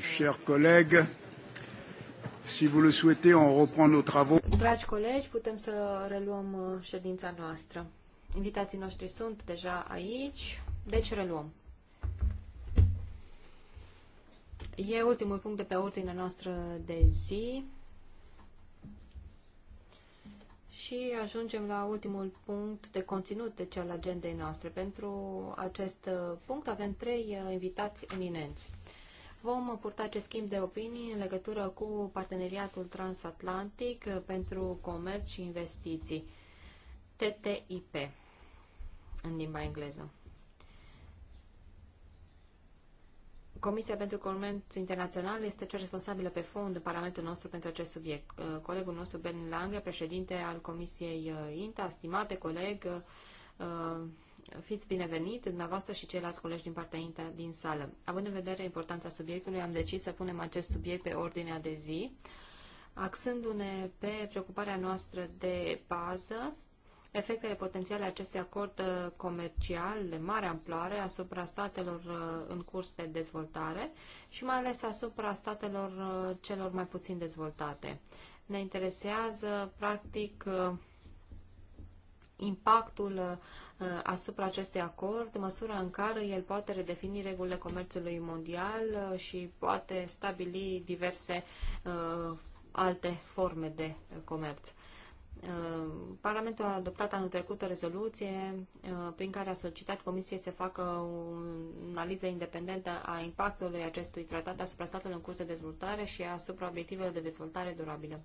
Chers collègues, si vous le souhaitez, on reprend nos travaux. Dragi colegi, putem să reluăm uh, ședința noastră. Invitații noștri sunt deja aici, deci reluăm. E ultimul punct de pe ordinea noastră de zi. Și ajungem la ultimul punct de conținut, de la agendei noastre. Pentru acest uh, punct avem trei uh, invitați eminenți. Vom purta acest schimb de opinii în legătură cu parteneriatul transatlantic pentru comerț și investiții, TTIP, în limba engleză. Comisia pentru Comerț Internațional este cea responsabilă pe fond în Parlamentul nostru pentru acest subiect. Uh, colegul nostru, Ben Lange, președinte al Comisiei uh, INTA, stimate coleg, uh, Fiți binevenit, dumneavoastră și ceilalți colegi din partea intra din sală. Având în vedere importanța subiectului, am decis să punem acest subiect pe ordinea de zi, axându-ne pe preocuparea noastră de bază, efectele potențiale acestui acord uh, comercial de mare amploare asupra statelor uh, în curs de dezvoltare și mai ales asupra statelor uh, celor mai puțin dezvoltate. Ne interesează, practic, impactul Uh, asupra acestui acord, măsura în care el poate redefini regulile comerțului mondial uh, și poate stabili diverse uh, alte forme de comerț. Parlamentul a adoptat anul trecut o rezoluție prin care a solicitat Comisiei să facă o analiză independentă a impactului acestui tratat asupra statului în curs de dezvoltare și asupra obiectivelor de dezvoltare durabilă.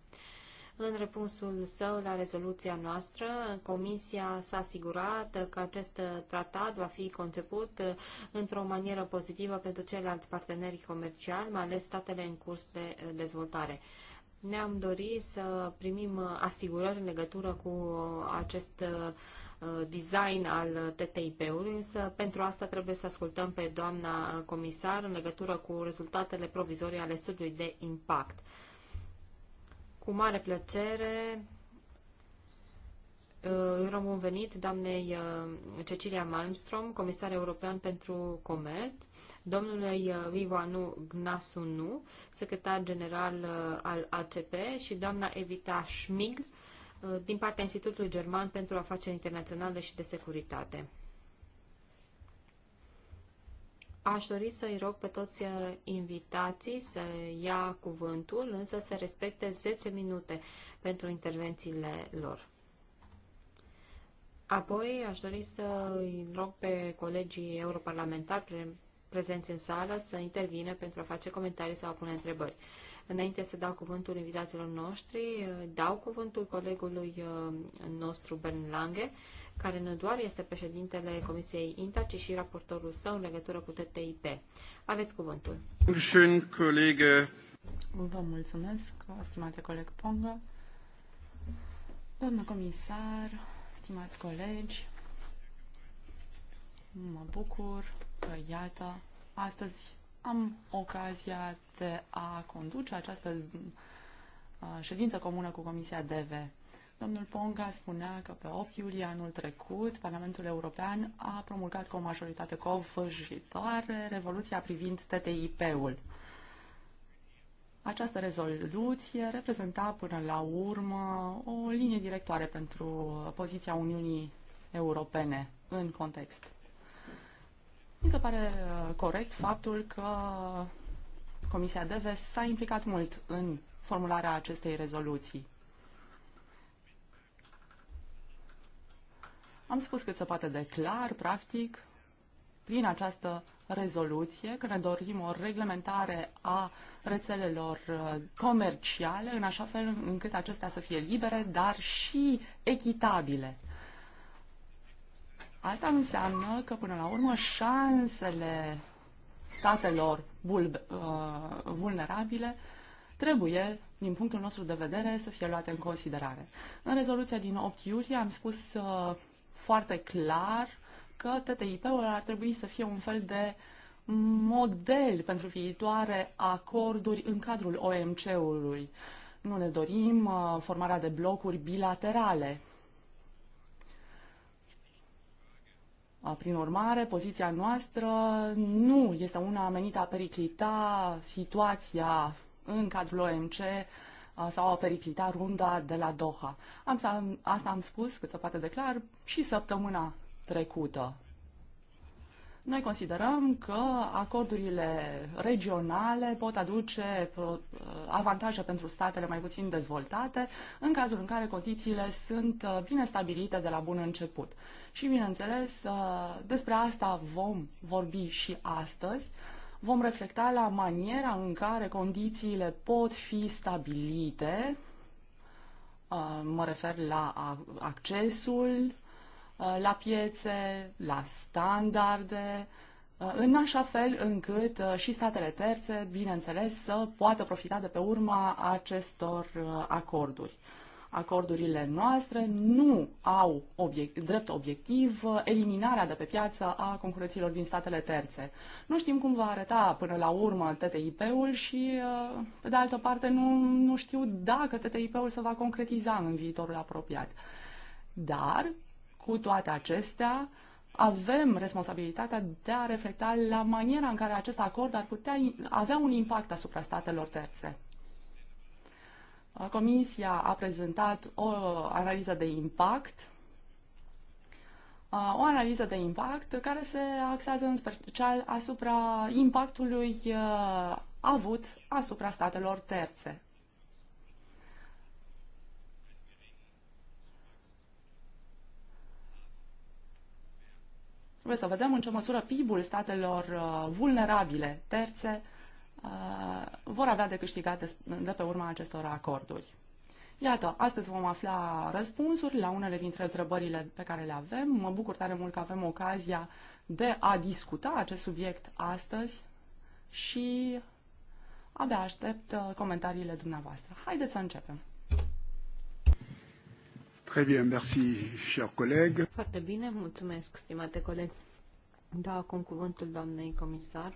În răspunsul său la rezoluția noastră, Comisia s-a asigurat că acest tratat va fi conceput într-o manieră pozitivă pentru ceilalți parteneri comerciali, mai ales statele în curs de dezvoltare. Ne-am dorit să primim asigurări în legătură cu acest uh, design al TTIP-ului, însă pentru asta trebuie să ascultăm pe doamna comisar în legătură cu rezultatele provizorii ale studiului de impact. Cu mare plăcere uh, îi rog venit doamnei uh, Cecilia Malmström, comisar european pentru comerț, domnului Vivanu uh, Gnasunu, secretar general al ACP și doamna Evita Schmig, din partea Institutului German pentru Afaceri Internaționale și de Securitate. Aș dori să-i rog pe toți uh, invitații să ia cuvântul, însă să respecte 10 minute pentru intervențiile lor. Apoi aș dori să i rog pe colegii europarlamentari, prezenți în sală să intervină pentru a face comentarii sau a pune întrebări. Înainte să dau cuvântul invitațiilor noștri, dau cuvântul colegului uh, nostru Bern Lange, care nu doar este președintele Comisiei INTA, ci și raportorul său în legătură cu TTIP. Aveți cuvântul. Vă mulțumesc, stimate coleg Ponga. Doamnă comisar, stimați colegi, mă bucur iată, astăzi am ocazia de a conduce această uh, ședință comună cu Comisia DV. Domnul Ponga spunea că pe 8 iulie anul trecut Parlamentul European a promulgat cu o majoritate covârșitoare revoluția privind TTIP-ul. Această rezoluție reprezenta până la urmă o linie directoare pentru poziția Uniunii Europene în context. Mi se pare uh, corect faptul că Comisia Deves s-a implicat mult în formularea acestei rezoluții. Am spus cât se poate de clar, practic, prin această rezoluție, că ne dorim o reglementare a rețelelor uh, comerciale, în așa fel încât acestea să fie libere, dar și echitabile. Asta înseamnă că, până la urmă, șansele statelor uh, vulnerabile trebuie, din punctul nostru de vedere, să fie luate în considerare. În rezoluția din 8 iulie am spus uh, foarte clar că TTIP-ul ar trebui să fie un fel de model pentru viitoare acorduri în cadrul OMC-ului. Nu ne dorim uh, formarea de blocuri bilaterale Prin urmare, poziția noastră nu este una menită a periclita situația în cadrul OMC sau a periclita runda de la Doha. Am, asta am spus cât se poate de clar și săptămâna trecută. Noi considerăm că acordurile regionale pot aduce uh, avantaje pentru statele mai puțin dezvoltate în cazul în care condițiile sunt uh, bine stabilite de la bun început. Și, bineînțeles, ă, despre asta vom vorbi și astăzi. Vom reflecta la maniera în care condițiile pot fi stabilite. Ă, mă refer la accesul ă, la piețe, la standarde, în așa fel încât și statele terțe, bineînțeles, să poată profita de pe urma acestor acorduri. Acordurile noastre nu au obiect, drept obiectiv uh, eliminarea de pe piață a concurenților din statele terțe. Nu știm cum va arăta până la urmă TTIP-ul și, uh, pe de altă parte, nu, nu știu dacă TTIP-ul se va concretiza în viitorul apropiat. Dar, cu toate acestea, avem responsabilitatea de a reflecta la maniera în care acest acord ar putea avea un impact asupra statelor terțe. Comisia a prezentat o analiză de impact, uh, o analiză de impact care se axează în special asupra impactului uh, avut asupra statelor terțe. Trebuie să vedem în ce măsură PIB-ul statelor uh, vulnerabile terțe Uh, vor avea de câștigat de pe urma acestor acorduri. Iată, astăzi vom afla răspunsuri la unele dintre întrebările pe care le avem. Mă bucur tare mult că avem ocazia de a discuta acest subiect astăzi și abia aștept uh, comentariile dumneavoastră. Haideți să începem. Très bien, merci, cher coleg. Foarte bine, mulțumesc, stimate coleg. Da, acum cuvântul doamnei comisar.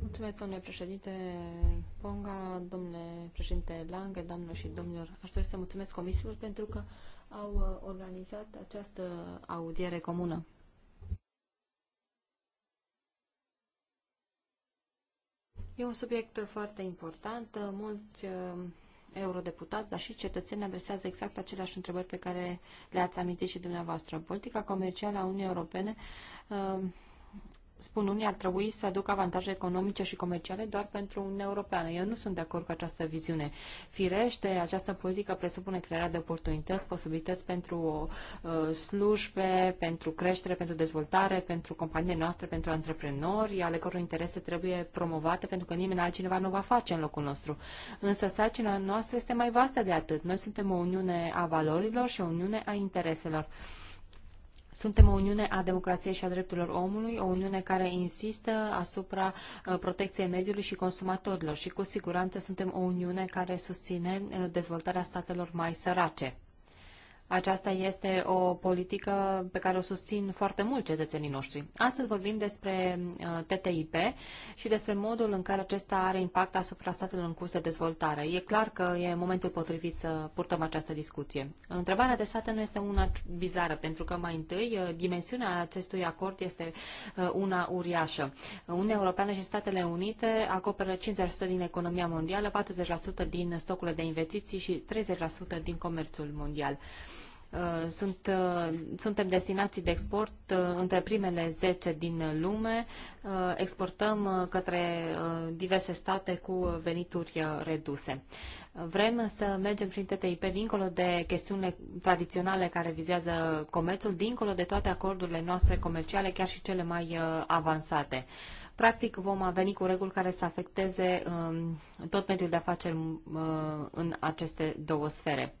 Mulțumesc, domnule președinte Ponga, domnule președinte Lange, doamnelor și domnilor. Aș dori să mulțumesc comisiilor pentru că au uh, organizat această audiere comună. E un subiect foarte important. Mulți uh, eurodeputați, dar și cetățenii adresează exact aceleași întrebări pe care le-ați amintit și dumneavoastră. Politica comercială a Uniunii Europene uh, spun unii, ar trebui să aducă avantaje economice și comerciale doar pentru Uniunea Europeană. Eu nu sunt de acord cu această viziune. Firește, această politică presupune crearea de oportunități, posibilități pentru uh, slujbe, pentru creștere, pentru dezvoltare, pentru companiile noastre, pentru antreprenori, ale căror interese trebuie promovate, pentru că nimeni altcineva nu va face în locul nostru. Însă sarcina noastră este mai vastă de atât. Noi suntem o Uniune a valorilor și o Uniune a intereselor. Suntem o Uniune a democrației și a drepturilor omului, o Uniune care insistă asupra uh, protecției mediului și consumatorilor și cu siguranță suntem o Uniune care susține uh, dezvoltarea statelor mai sărace. Aceasta este o politică pe care o susțin foarte mult cetățenii noștri. Astăzi vorbim despre uh, TTIP și despre modul în care acesta are impact asupra statelor în curs de dezvoltare. E clar că e momentul potrivit să purtăm această discuție. Întrebarea de sată nu este una bizară, pentru că mai întâi uh, dimensiunea acestui acord este uh, una uriașă. Uniunea Europeană și Statele Unite acoperă 50% din economia mondială, 40% din stocurile de investiții și 30% din comerțul mondial. Uh, sunt, uh, suntem destinații de export uh, între primele 10 din lume. Exportăm către diverse state cu venituri reduse. Vrem să mergem prin TTIP dincolo de chestiunile tradiționale care vizează comerțul, dincolo de toate acordurile noastre comerciale, chiar și cele mai avansate. Practic vom veni cu reguli care să afecteze um, tot mediul de afaceri în aceste două sfere.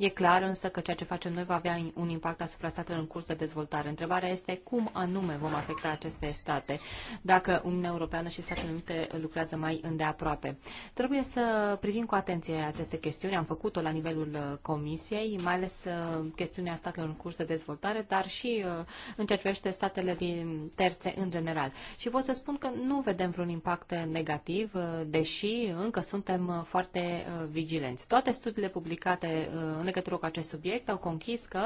E clar însă că ceea ce facem noi va avea un impact asupra statelor în curs de dezvoltare. Întrebarea este cum anume vom afecta aceste state dacă Uniunea Europeană și Statele Unite lucrează mai îndeaproape. Trebuie să privim cu atenție aceste chestiuni. Am făcut-o la nivelul uh, Comisiei, mai ales uh, chestiunea statelor în curs de dezvoltare, dar și uh, în ceea ce privește statele din terțe în general. Și pot să spun că nu vedem vreun impact negativ, deși încă suntem foarte vigilenți. Toate studiile publicate în legătură cu acest subiect au conchis că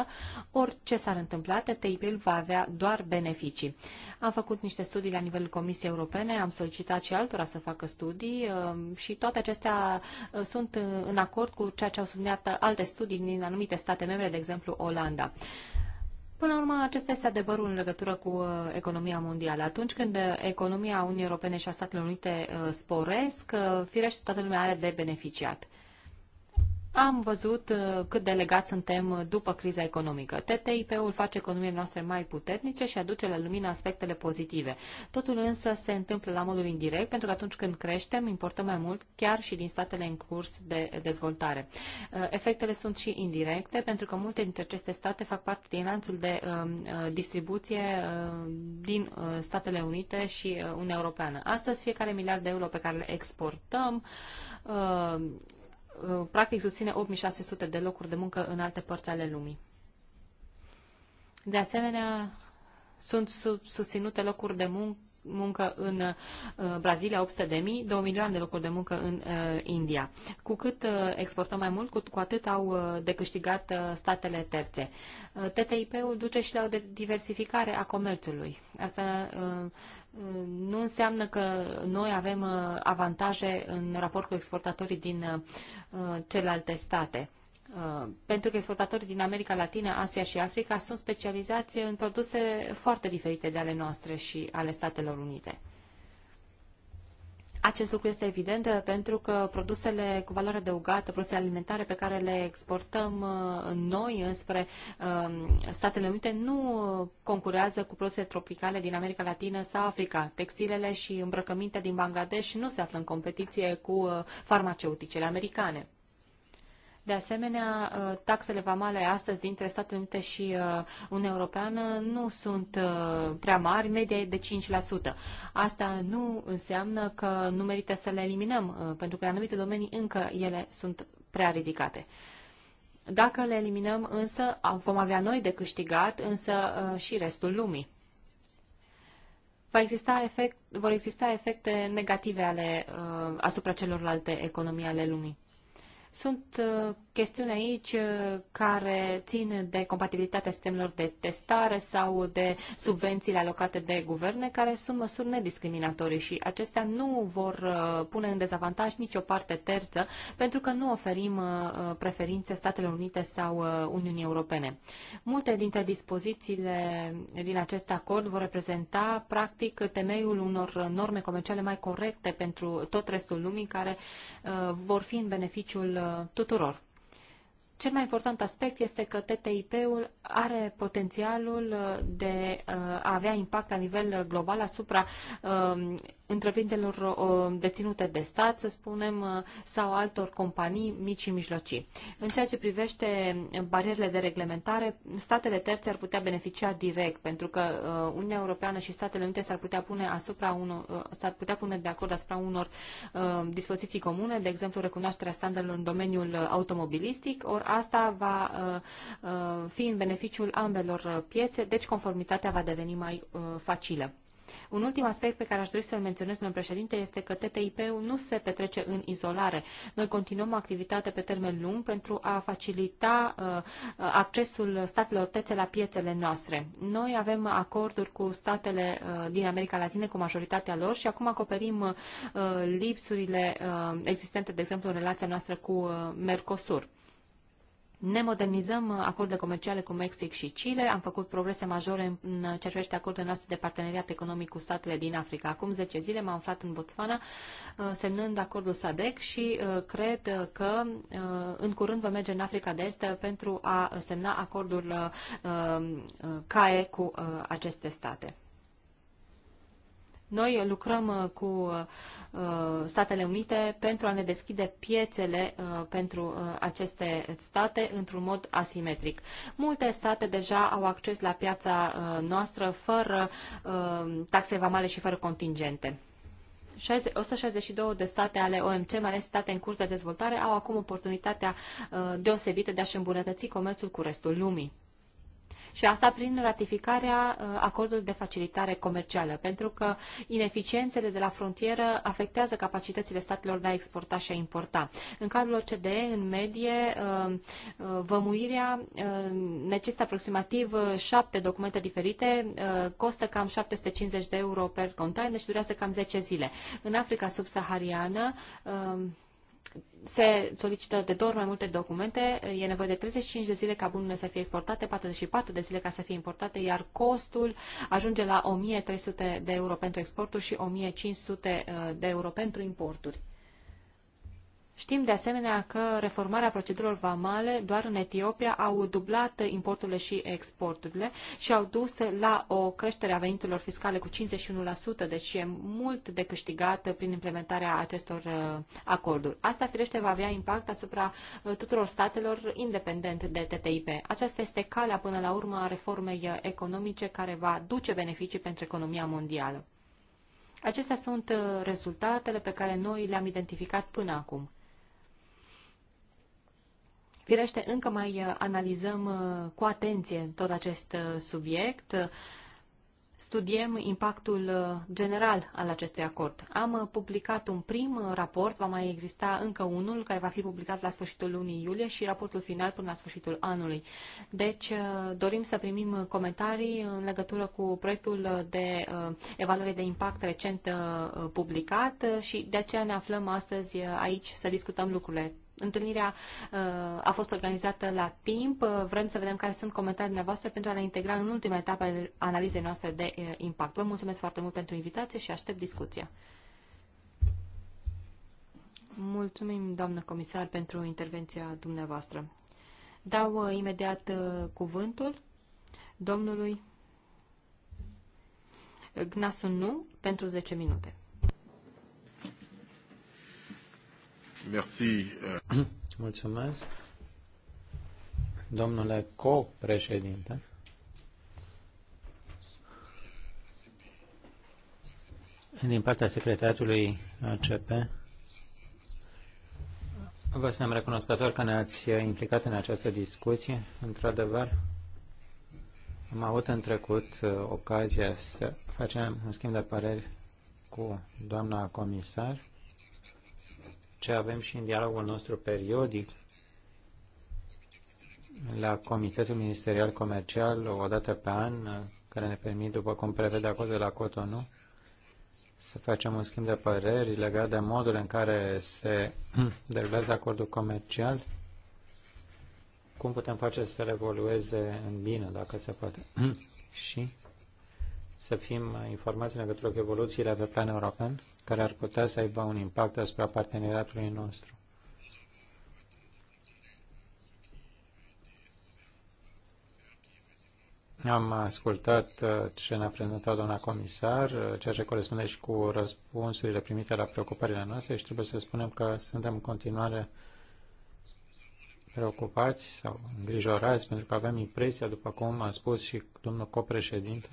orice s-ar întâmpla, TTIP-ul va avea doar beneficii. Am făcut niște studii la nivelul Comisiei Europene, am solicitat și altora să facă studii uh, și toate acestea uh, sunt uh, în acord cu ceea ce au subliniat alte studii din anumite state membre, de exemplu Olanda. Până la urmă, acesta este adevărul în legătură cu economia mondială. Atunci când economia Uniunii Europene și a Statelor Unite sporesc, firește toată lumea are de beneficiat. Am văzut uh, cât de legați suntem uh, după criza economică. TTIP-ul face economiile noastre mai puternice și aduce la lumină aspectele pozitive. Totul însă se întâmplă la modul indirect, pentru că atunci când creștem, importăm mai mult chiar și din statele în curs de dezvoltare. Uh, efectele sunt și indirecte, pentru că multe dintre aceste state fac parte din lanțul de distribuție din Statele Unite și Uniunea Europeană. Astăzi, fiecare miliard de euro pe care le exportăm Uh, practic susține 8600 de locuri de muncă în alte părți ale lumii. De asemenea, sunt susținute locuri de muncă muncă în uh, Brazilia 800 de mii, 2 milioane de locuri de muncă în uh, India. Cu cât uh, exportăm mai mult, cu, cu atât au uh, de câștigat uh, statele terțe. TTIP-ul duce și la o diversificare a comerțului. Asta nu înseamnă că noi avem uh, avantaje în raport cu exportatorii din uh, celelalte state. Uh, pentru că exportatorii din America Latină, Asia și Africa sunt specializați în produse foarte diferite de ale noastre și ale Statelor Unite. Acest lucru este evident uh, pentru că produsele cu valoare adăugată, produsele alimentare pe care le exportăm uh, noi înspre um, Statele Unite nu concurează cu produsele tropicale din America Latină sau Africa. Textilele și îmbrăcămintea din Bangladesh nu se află în competiție cu uh, farmaceuticele americane. De asemenea, uh, taxele vamale astăzi dintre Statele Unite și uh, Uniunea Europeană nu sunt uh, prea mari, media e de 5%. Asta nu înseamnă că nu merită să le eliminăm, pentru că în anumite domenii încă ele sunt prea ridicate. Dacă le eliminăm însă, vom avea noi de câștigat, însă și restul lumii. Va exista efect, vor exista efecte negative ale, asupra celorlalte economii ale lumii. Sunt uh, chestiune aici uh, care țin de compatibilitatea sistemelor de testare sau de subvențiile alocate de guverne, care sunt măsuri nediscriminatorii și acestea nu vor uh, pune în dezavantaj nicio parte terță, pentru că nu oferim uh, preferințe Statelor Unite sau Uniunii Europene. Multe dintre dispozițiile din acest acord vor reprezenta, practic, temeiul unor norme comerciale mai corecte pentru tot restul lumii, care vor fi în beneficiul tuturor. Cel mai important aspect este că TTIP-ul are potențialul de uh, a avea impact la nivel global asupra um, întreprinderilor uh, deținute de stat, să spunem, uh, sau altor companii mici și mijlocii. În ceea ce privește barierele de reglementare, statele terțe ar putea beneficia direct, pentru că uh, Uniunea Europeană și Statele Unite s-ar putea pune asupra unor, s-ar putea pune de acord asupra unor dispoziții comune, de exemplu recunoașterea standardelor în domeniul automobilistic, ori asta va fi în beneficiul ambelor piețe, deci conformitatea va deveni mai facilă. Un ultim aspect pe care aș dori să-l menționez, domnule președinte, este că TTIP-ul nu se petrece în izolare. Noi continuăm activitate pe termen lung pentru a facilita uh, accesul statelor tețe la piețele noastre. Noi avem acorduri cu statele uh, din America Latină, cu majoritatea lor, și acum acoperim uh, lipsurile existente, de exemplu, în relația noastră cu Mercosur ne modernizăm acordurile comerciale cu Mexic și Chile, am făcut progrese majore în ce privește acordurile noastre de parteneriat economic cu statele din Africa. Acum 10 zile m-am aflat în Botswana uh, semnând acordul SADEC și uh, cred că uh, în curând vom merge în Africa de Est pentru a semna acordul CAE cu aceste state. Noi lucrăm uh, cu uh, Statele Unite pentru a ne deschide piețele uh, pentru aceste state într-un mod asimetric. Multe state deja au acces la piața noastră fără taxe vamale și fără contingente. 162 de state ale OMC, mai ales state în curs de dezvoltare, au acum oportunitatea deosebită de a-și îmbunătăți comerțul cu restul lumii și asta prin ratificarea uh, acordului de facilitare comercială, pentru că ineficiențele de la frontieră afectează capacitățile statelor de a exporta și a importa. În cadrul OCDE, în medie, uh, uh, vămuirea necesită aproximativ șapte documente diferite, costă cam 750 de euro per container și durează cam 10 zile. În Africa subsahariană, se solicită de două ori mai multe documente, e nevoie de 35 de zile ca bunurile să fie exportate, 44 de zile ca să fie importate, iar costul ajunge la 1300 de euro pentru exporturi și 1500 uh, de euro pentru importuri. Știm de asemenea că reformarea procedurilor vamale doar în Etiopia au dublat importurile și exporturile și au dus la o creștere a veniturilor fiscale cu 51%, deci e mult de câștigat prin implementarea acestor uh, acorduri. Asta, firește, va avea impact asupra uh, tuturor statelor independent de TTIP. Aceasta este calea până la urmă a reformei uh, economice care va duce beneficii pentru economia mondială. Acestea sunt rezultatele pe care noi le-am identificat până acum. Firește, încă mai uh, analizăm uh, cu atenție tot acest uh, subiect. Studiem impactul general al acestui acord. Am publicat un prim raport, va mai exista încă unul care va fi publicat la sfârșitul lunii iulie și raportul final până la sfârșitul anului. Deci dorim să primim comentarii în legătură cu proiectul de evaluare de impact recent publicat și de aceea ne aflăm astăzi aici să discutăm lucrurile Întâlnirea uh, a fost organizată la timp. Uh, vrem să vedem care sunt comentariile dumneavoastră pentru a le integra în ultima etapă ale analizei noastre de uh, impact. Vă mulțumesc foarte mult pentru invitație și aștept discuția. Mulțumim, doamnă comisar, pentru intervenția dumneavoastră. Dau imediat cuvântul domnului Gnasunu Nu pentru 10 minute. Merci. Mulțumesc. Domnule co-președinte. Din partea secretariatului ACP, vă suntem recunoscători că ne-ați implicat în această discuție. Într-adevăr, am avut în trecut ocazia să facem un schimb de păreri cu doamna comisar ce avem și în dialogul nostru periodic la Comitetul Ministerial Comercial o dată pe an, care ne permit, după cum prevede acordul de la Cotonou, să facem un schimb de păreri legat de modul în care se derulează acordul comercial, cum putem face să evolueze în bine, dacă se poate. și să fim informați în legătură cu evoluțiile pe plan european, care ar putea să aibă un impact asupra parteneriatului nostru. Am ascultat uh, ce ne-a prezentat doamna comisar, uh, ceea ce corespunde și cu răspunsurile primite la preocupările noastre și trebuie să spunem că suntem în continuare preocupați sau îngrijorați pentru că avem impresia, după cum a spus și domnul copreședinte,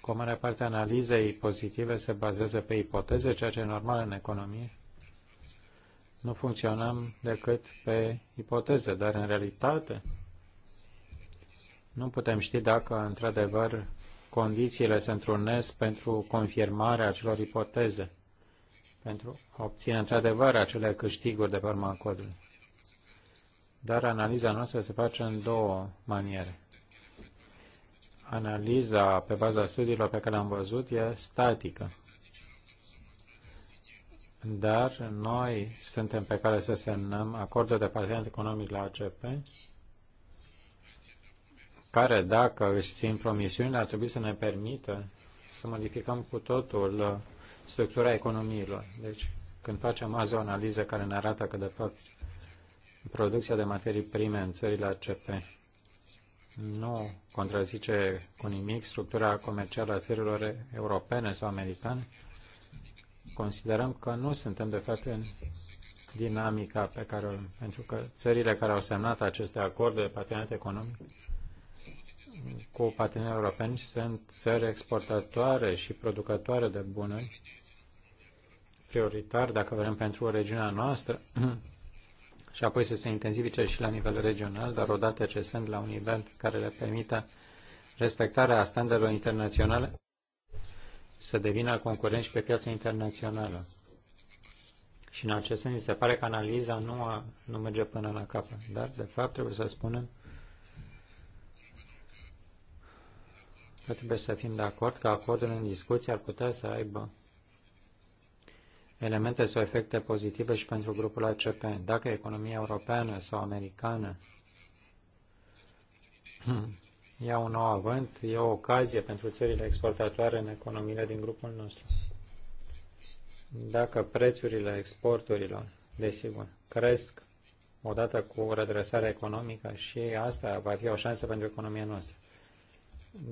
cum mare parte analizei pozitive se bazează pe ipoteze, ceea ce e normal în economie. Nu funcționăm decât pe ipoteze, dar în realitate nu putem ști dacă, într-adevăr, condițiile se întrunesc pentru confirmarea acelor ipoteze, pentru a obține, într-adevăr, acele câștiguri de pe urma codului. Dar analiza noastră se face în două maniere analiza pe baza studiilor pe care le-am văzut e statică. Dar noi suntem pe care să semnăm acordul de parteneriat economic la ACP, care, dacă își țin promisiunile, ar trebui să ne permită să modificăm cu totul structura economiilor. Deci, când facem azi o analiză care ne arată că, de fapt, producția de materii prime în țările ACP nu contrazice cu nimic structura comercială a țărilor europene sau americane, considerăm că nu suntem, de fapt, în dinamica pe care o... Pentru că țările care au semnat aceste acorduri de parteneriat economic cu partenerii europeni sunt țări exportatoare și producătoare de bunuri, prioritar, dacă vrem, pentru regiunea noastră și apoi să se intensifice și la nivel regional, dar odată ce sunt la un nivel care le permită respectarea standardelor internaționale, să devină concurenți pe piața internațională. Și în acest sens, se pare că analiza nu, a, nu merge până la capăt. Dar, de fapt, trebuie să spunem că trebuie să fim de acord că acordul în discuție ar putea să aibă elemente sau efecte pozitive și pentru grupul ACP. Dacă economia europeană sau americană ia un nou avânt, e o ocazie pentru țările exportatoare în economiile din grupul nostru. Dacă prețurile exporturilor, desigur, cresc odată cu redresarea economică și asta va fi o șansă pentru economia noastră.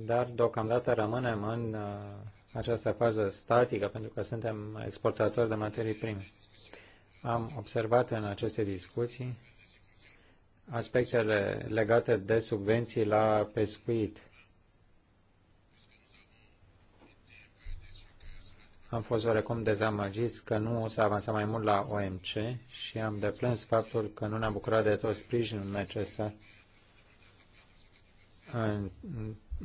Dar deocamdată rămânem în uh, această fază statică pentru că suntem exportatori de materii prime. Am observat în aceste discuții aspectele legate de subvenții la pescuit. Am fost oarecum dezamăgiți că nu s-a avansat mai mult la OMC și am deplâns faptul că nu ne-am bucurat de tot sprijinul necesar în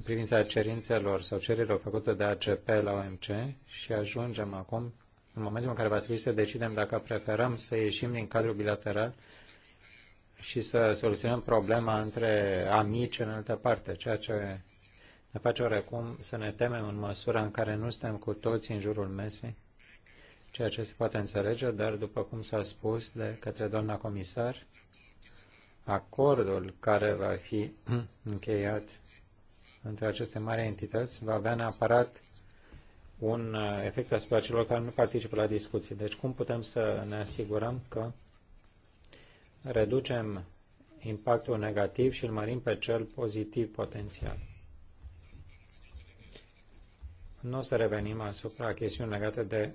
privința cerințelor sau cererilor făcute de ACP la OMC și ajungem acum în momentul în care va trebui să decidem dacă preferăm să ieșim din cadrul bilateral și să soluționăm problema între amici în altă parte, ceea ce ne face oarecum să ne temem în măsura în care nu suntem cu toți în jurul mesei, ceea ce se poate înțelege, dar după cum s-a spus de către doamna comisar, Acordul care va fi încheiat între aceste mari entități va avea neapărat un uh, efect asupra celor care nu participă la discuții. Deci cum putem să ne asigurăm că reducem impactul negativ și îl mărim pe cel pozitiv potențial? Nu o să revenim asupra chestiuni legate de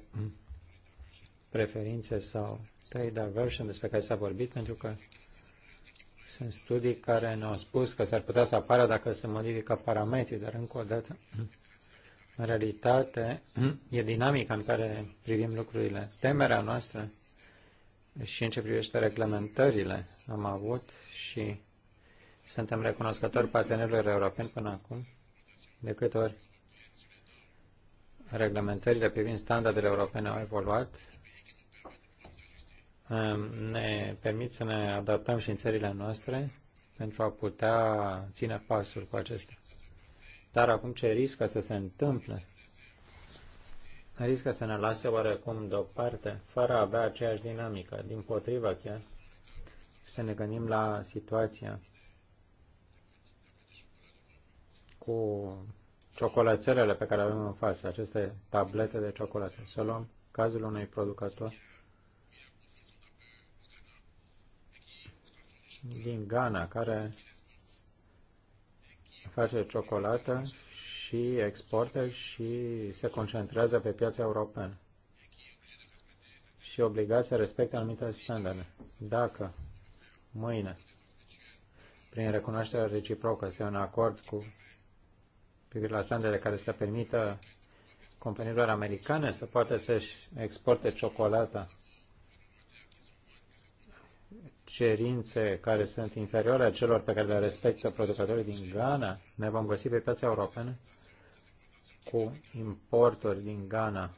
preferințe sau trade aversion despre care s-a vorbit, pentru că sunt studii care ne-au spus că s-ar putea să apară dacă se modifică parametrii, dar încă o dată, în realitate, e dinamica în care privim lucrurile. Temerea noastră și în ce privește reglementările am avut și suntem recunoscători partenerilor europeni până acum, de câte ori reglementările privind standardele europene au evoluat, ne permit să ne adaptăm și în țările noastre pentru a putea ține pasul cu acestea. Dar acum ce riscă să se întâmple? Riscă să ne lase oarecum deoparte, fără a avea aceeași dinamică. Din potriva chiar, să ne gândim la situația cu ciocolățelele pe care le avem în față, aceste tablete de ciocolată. Să luăm cazul unui producător din Ghana care face ciocolată și exportă și se concentrează pe piața europeană și obligați să respecte anumite standarde. Dacă mâine, prin recunoașterea reciprocă, se un acord cu privire la standarde care să permită companiilor americane să poată să-și exporte ciocolata cerințe care sunt inferioare a celor pe care le respectă producătorii din Ghana, ne vom găsi pe piața europeană cu importuri din Ghana,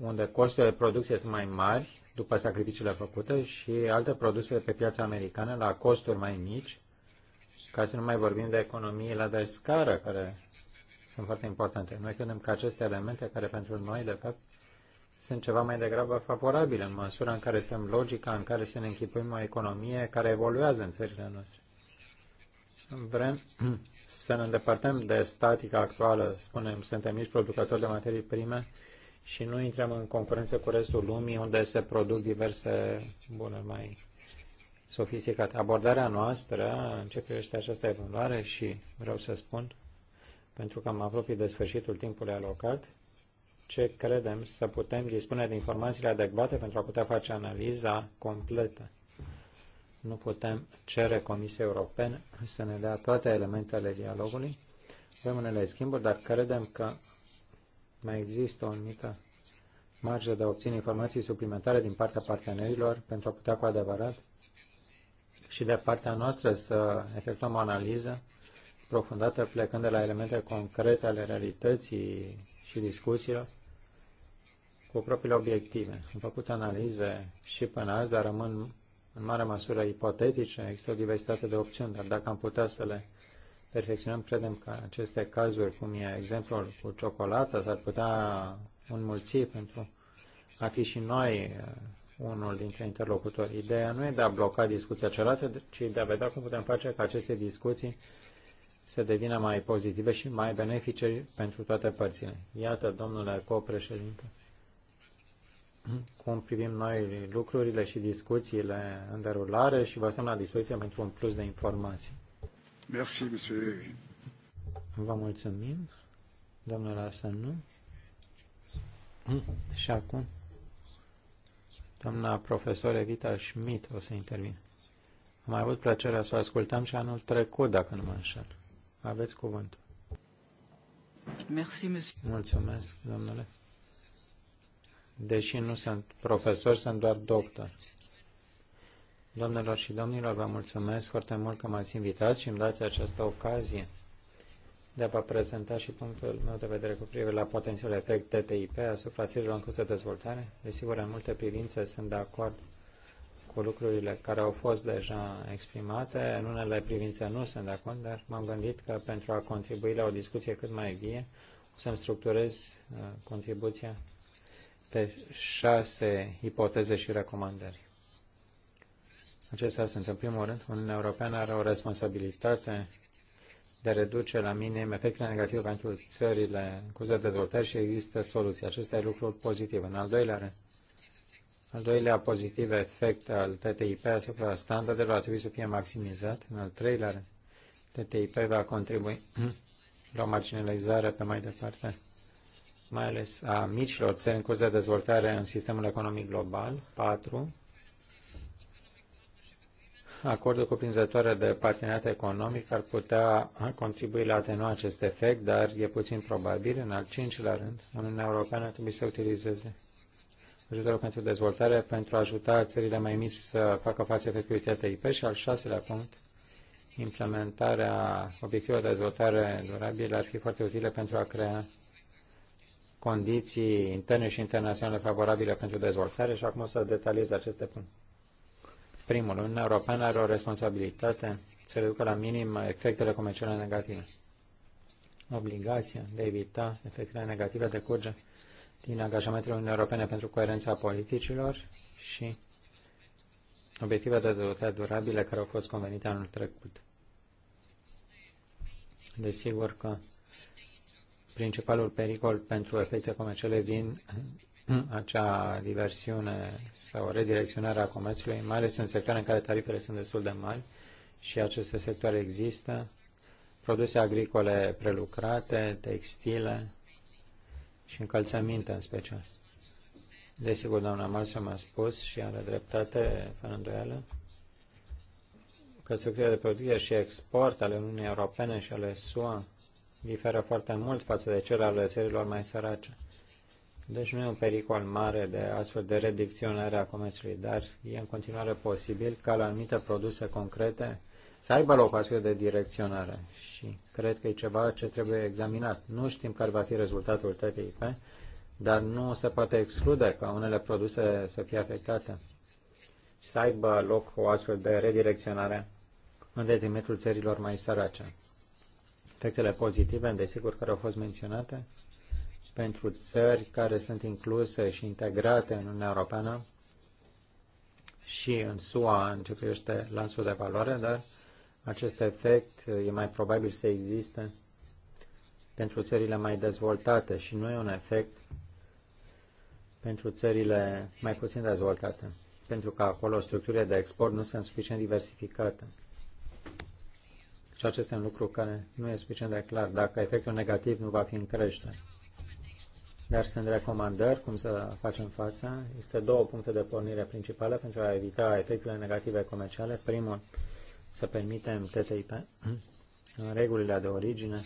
unde costurile de producție sunt mai mari după sacrificiile făcute și alte produse pe piața americană la costuri mai mici, ca să nu mai vorbim de economii la de scară, care sunt foarte importante. Noi credem că aceste elemente, care pentru noi, de fapt, sunt ceva mai degrabă favorabile în măsura în care suntem logica în care să ne închipuim o economie care evoluează în țările noastre. Vrem să ne îndepărtăm de statica actuală, spunem, suntem mici producători de materii prime și nu intrăm în concurență cu restul lumii unde se produc diverse bunuri mai sofisticate. Abordarea noastră începe este această evaluare și vreau să spun, pentru că am apropiat de sfârșitul timpului alocat, ce credem să putem dispune de informațiile adecvate pentru a putea face analiza completă. Nu putem cere Comisiei Europene să ne dea toate elementele dialogului. Avem unele schimburi, dar credem că mai există o anumită marge de a obține informații suplimentare din partea partenerilor pentru a putea cu adevărat și de partea noastră să efectuăm o analiză profundată plecând de la elemente concrete ale realității și discuțiilor cu propriile obiective. Am făcut analize și până azi, dar rămân în mare măsură ipotetice. Există o diversitate de opțiuni, dar dacă am putea să le perfecționăm, credem că aceste cazuri, cum e exemplul cu ciocolata, s-ar putea înmulți pentru a fi și noi uh, unul dintre interlocutori. Ideea nu e de a bloca discuția cealaltă, ci de a vedea cum putem face ca aceste discuții să devină mai pozitive și mai benefice pentru toate părțile. Iată, domnule copreședinte, cum privim noi lucrurile și discuțiile în derulare și vă stăm la dispoziție pentru un plus de informații. Merci, monsieur. Vă mulțumim, domnule Asanu. Și acum, doamna profesor Evita Schmidt o să intervine. Am avut plăcerea să o ascultăm și anul trecut, dacă nu mă înșel. Aveți cuvântul. Merci, monsieur. Mulțumesc, domnule deși nu sunt profesor, sunt doar doctor. Domnilor și domnilor, vă mulțumesc foarte mult că m-ați invitat și îmi dați această ocazie de a vă prezenta și punctul meu de vedere cu privire la potențial efect TTIP asupra țărilor în curs de dezvoltare. Desigur, în multe privințe sunt de acord cu lucrurile care au fost deja exprimate. În unele privințe nu sunt de acord, dar m-am gândit că pentru a contribui la o discuție cât mai vie, o să-mi structurez uh, contribuția pe șase ipoteze și recomandări. Acestea sunt, în primul rând, Uniunea Europeană are o responsabilitate de a reduce la minim efectele negative pentru țările cu de dezvoltare și există soluții. Acesta e lucrul pozitiv. În al doilea rând, al doilea pozitiv efect al TTIP asupra standardelor ar trebui să fie maximizat. În al treilea rând, TTIP va contribui la o marginalizare pe mai departe mai ales a micilor țări în curs de dezvoltare în sistemul economic global. 4. Acordul cuprinzătoare de parteneriat economic ar putea contribui la atenua acest efect, dar e puțin probabil. În al cincilea rând, Uniunea Europeană trebuie să utilizeze ajutorul pentru dezvoltare pentru a ajuta țările mai mici să facă față efectului TTIP și al șaselea punct, implementarea obiectivelor de dezvoltare durabilă ar fi foarte utile pentru a crea condiții interne și internaționale favorabile pentru dezvoltare și acum o să detaliez aceste puncte. Primul, Uniunea Europeană are o responsabilitate să reducă la minim efectele comerciale negative. Obligația de a evita efectele negative decurge din angajamentele Uniunii Europene pentru coerența politicilor și obiective de dezvoltare durabile care au fost convenite anul trecut. Desigur că principalul pericol pentru efecte comerciale din acea diversiune sau redirecționarea comerțului, mai ales în sectoare în care tarifele sunt destul de mari și aceste sectoare există, produse agricole prelucrate, textile și încălțăminte în special. Desigur, doamna Marsu m-a spus și are dreptate, fără îndoială, că structurile de producție și export ale Uniunii Europene și ale SUA diferă foarte mult față de cel al țărilor mai sărace. Deci nu e un pericol mare de astfel de redicționare a comerțului, dar e în continuare posibil ca la anumite produse concrete să aibă loc astfel de direcționare și cred că e ceva ce trebuie examinat. Nu știm care va fi rezultatul TTIP, dar nu se poate exclude ca unele produse să fie afectate și să aibă loc o astfel de redirecționare în detrimentul țărilor mai sărace efectele pozitive, desigur, care au fost menționate, pentru țări care sunt incluse și integrate în Uniunea Europeană și în SUA în ce privește lanțul de valoare, dar acest efect e mai probabil să existe pentru țările mai dezvoltate și nu e un efect pentru țările mai puțin dezvoltate, pentru că acolo structurile de export nu sunt suficient diversificate. Și acesta e un lucru care nu e suficient de clar dacă efectul negativ nu va fi în creștere. Dar sunt recomandări cum să facem față. Este două puncte de pornire principale pentru a evita efectele negative comerciale. Primul, să permitem TTIP în regulile de origine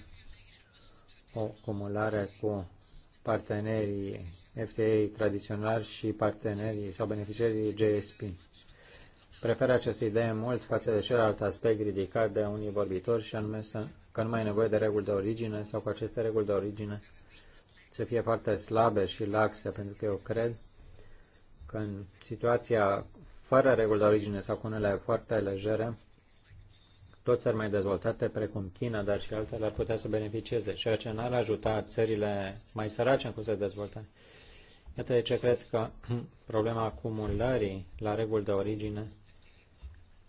o cumulare cu partenerii FTA tradiționali și partenerii sau beneficiarii GSP. Prefer această idee mult față de celălalt aspect ridicat de unii vorbitori și anume să, că nu mai e nevoie de reguli de origine sau că aceste reguli de origine să fie foarte slabe și laxe, pentru că eu cred că în situația fără reguli de origine sau cu unele foarte legere, toți țări mai dezvoltate, precum China, dar și altele, ar putea să beneficieze, ceea ce n-ar ajuta țările mai sărace în curs de dezvoltare. Iată de ce cred că problema acumulării la reguli de origine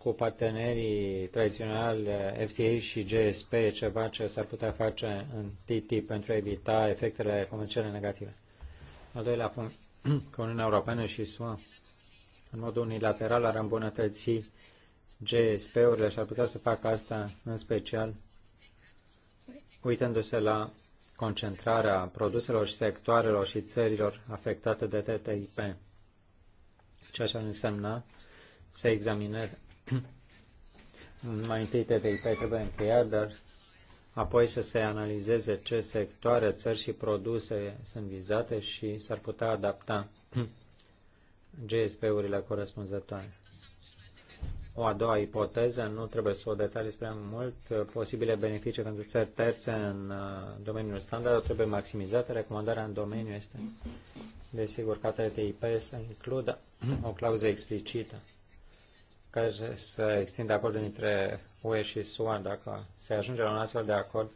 cu partenerii tradiționali FTA și GSP e ceva ce s-ar putea face în TTIP pentru a evita efectele comerciale negative. Al doilea punct, că Uniunea Europeană și SUA în mod unilateral ar îmbunătăți GSP-urile și ar putea să facă asta în special uitându-se la concentrarea produselor și sectoarelor și țărilor afectate de TTIP, ceea ce ar însemna să examinez Mai întâi TTIP trebuie încheiat, dar apoi să se analizeze ce sectoare, țări și produse sunt vizate și s-ar putea adapta GSP-urile corespunzătoare. O a doua ipoteză, nu trebuie să o detaliez prea mult, posibile beneficii pentru țări terțe în uh, domeniul standard trebuie maximizate. Recomandarea în domeniu este, desigur, ca TTIP să includă o clauză explicită care să extindă acordul dintre UE și SUA dacă se ajunge la un astfel de acord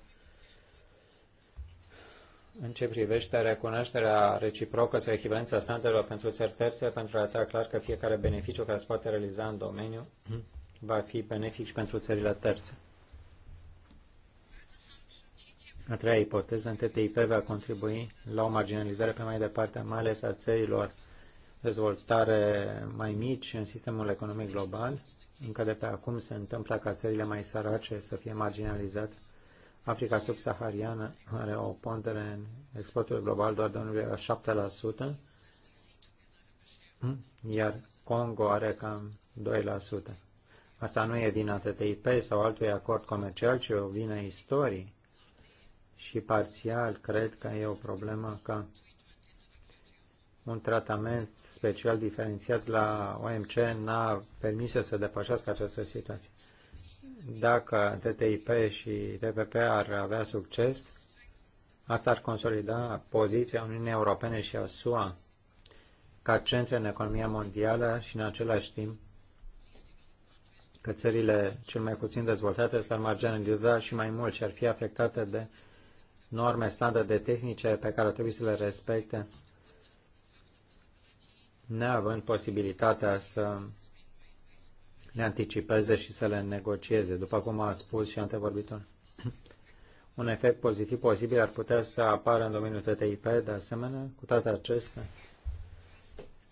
în ce privește recunoașterea reciprocă sau echivalența standardelor pentru țări terțe pentru a arăta clar că fiecare beneficiu care se poate realiza în domeniu va fi benefic și pentru țările terțe. A treia ipoteză, în TTIP va contribui la o marginalizare pe mai departe, mai ales a țărilor dezvoltare mai mici în sistemul economic global. Încă de pe acum se întâmplă ca țările mai sărace să fie marginalizate. Africa subsahariană are o pondere în exportul global doar de 1,7%, iar Congo are cam 2%. Asta nu e vina TTIP sau altui acord comercial, ci o vină istorie. și parțial cred că e o problemă că un tratament special diferențiat la OMC n-a permis să se depășească această situație. Dacă TTIP și TPP ar avea succes, asta ar consolida poziția Uniunii Europene și a SUA ca centre în economia mondială și în același timp că țările cel mai puțin dezvoltate s-ar marginaliza și mai mult și ar fi afectate de norme standarde tehnice pe care trebuie să le respecte neavând posibilitatea să le anticipeze și să le negocieze, după cum a spus și antevorbitorul. Un efect pozitiv posibil ar putea să apară în domeniul TTIP, de asemenea, cu toate acestea.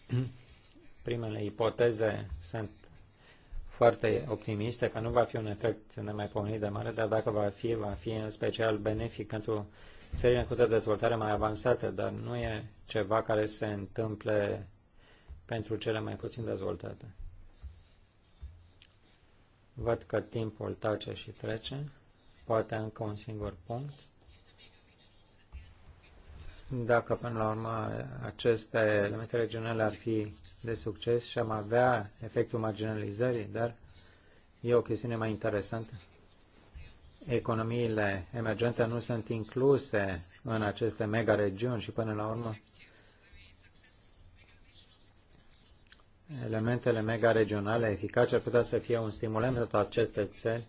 Primele ipoteze sunt foarte optimiste că nu va fi un efect nemaipomenit de mare, dar dacă va fi, va fi în special benefic pentru țările în curs de dezvoltare mai avansate, dar nu e ceva care se întâmple pentru cele mai puțin dezvoltate. Văd că timpul tace și trece. Poate încă un singur punct. Dacă până la urmă aceste elemente regionale ar fi de succes și am avea efectul marginalizării, dar e o chestiune mai interesantă. Economiile emergente nu sunt incluse în aceste mega-regiuni și până la urmă elementele mega-regionale eficace ar putea să fie un stimulant pentru aceste țări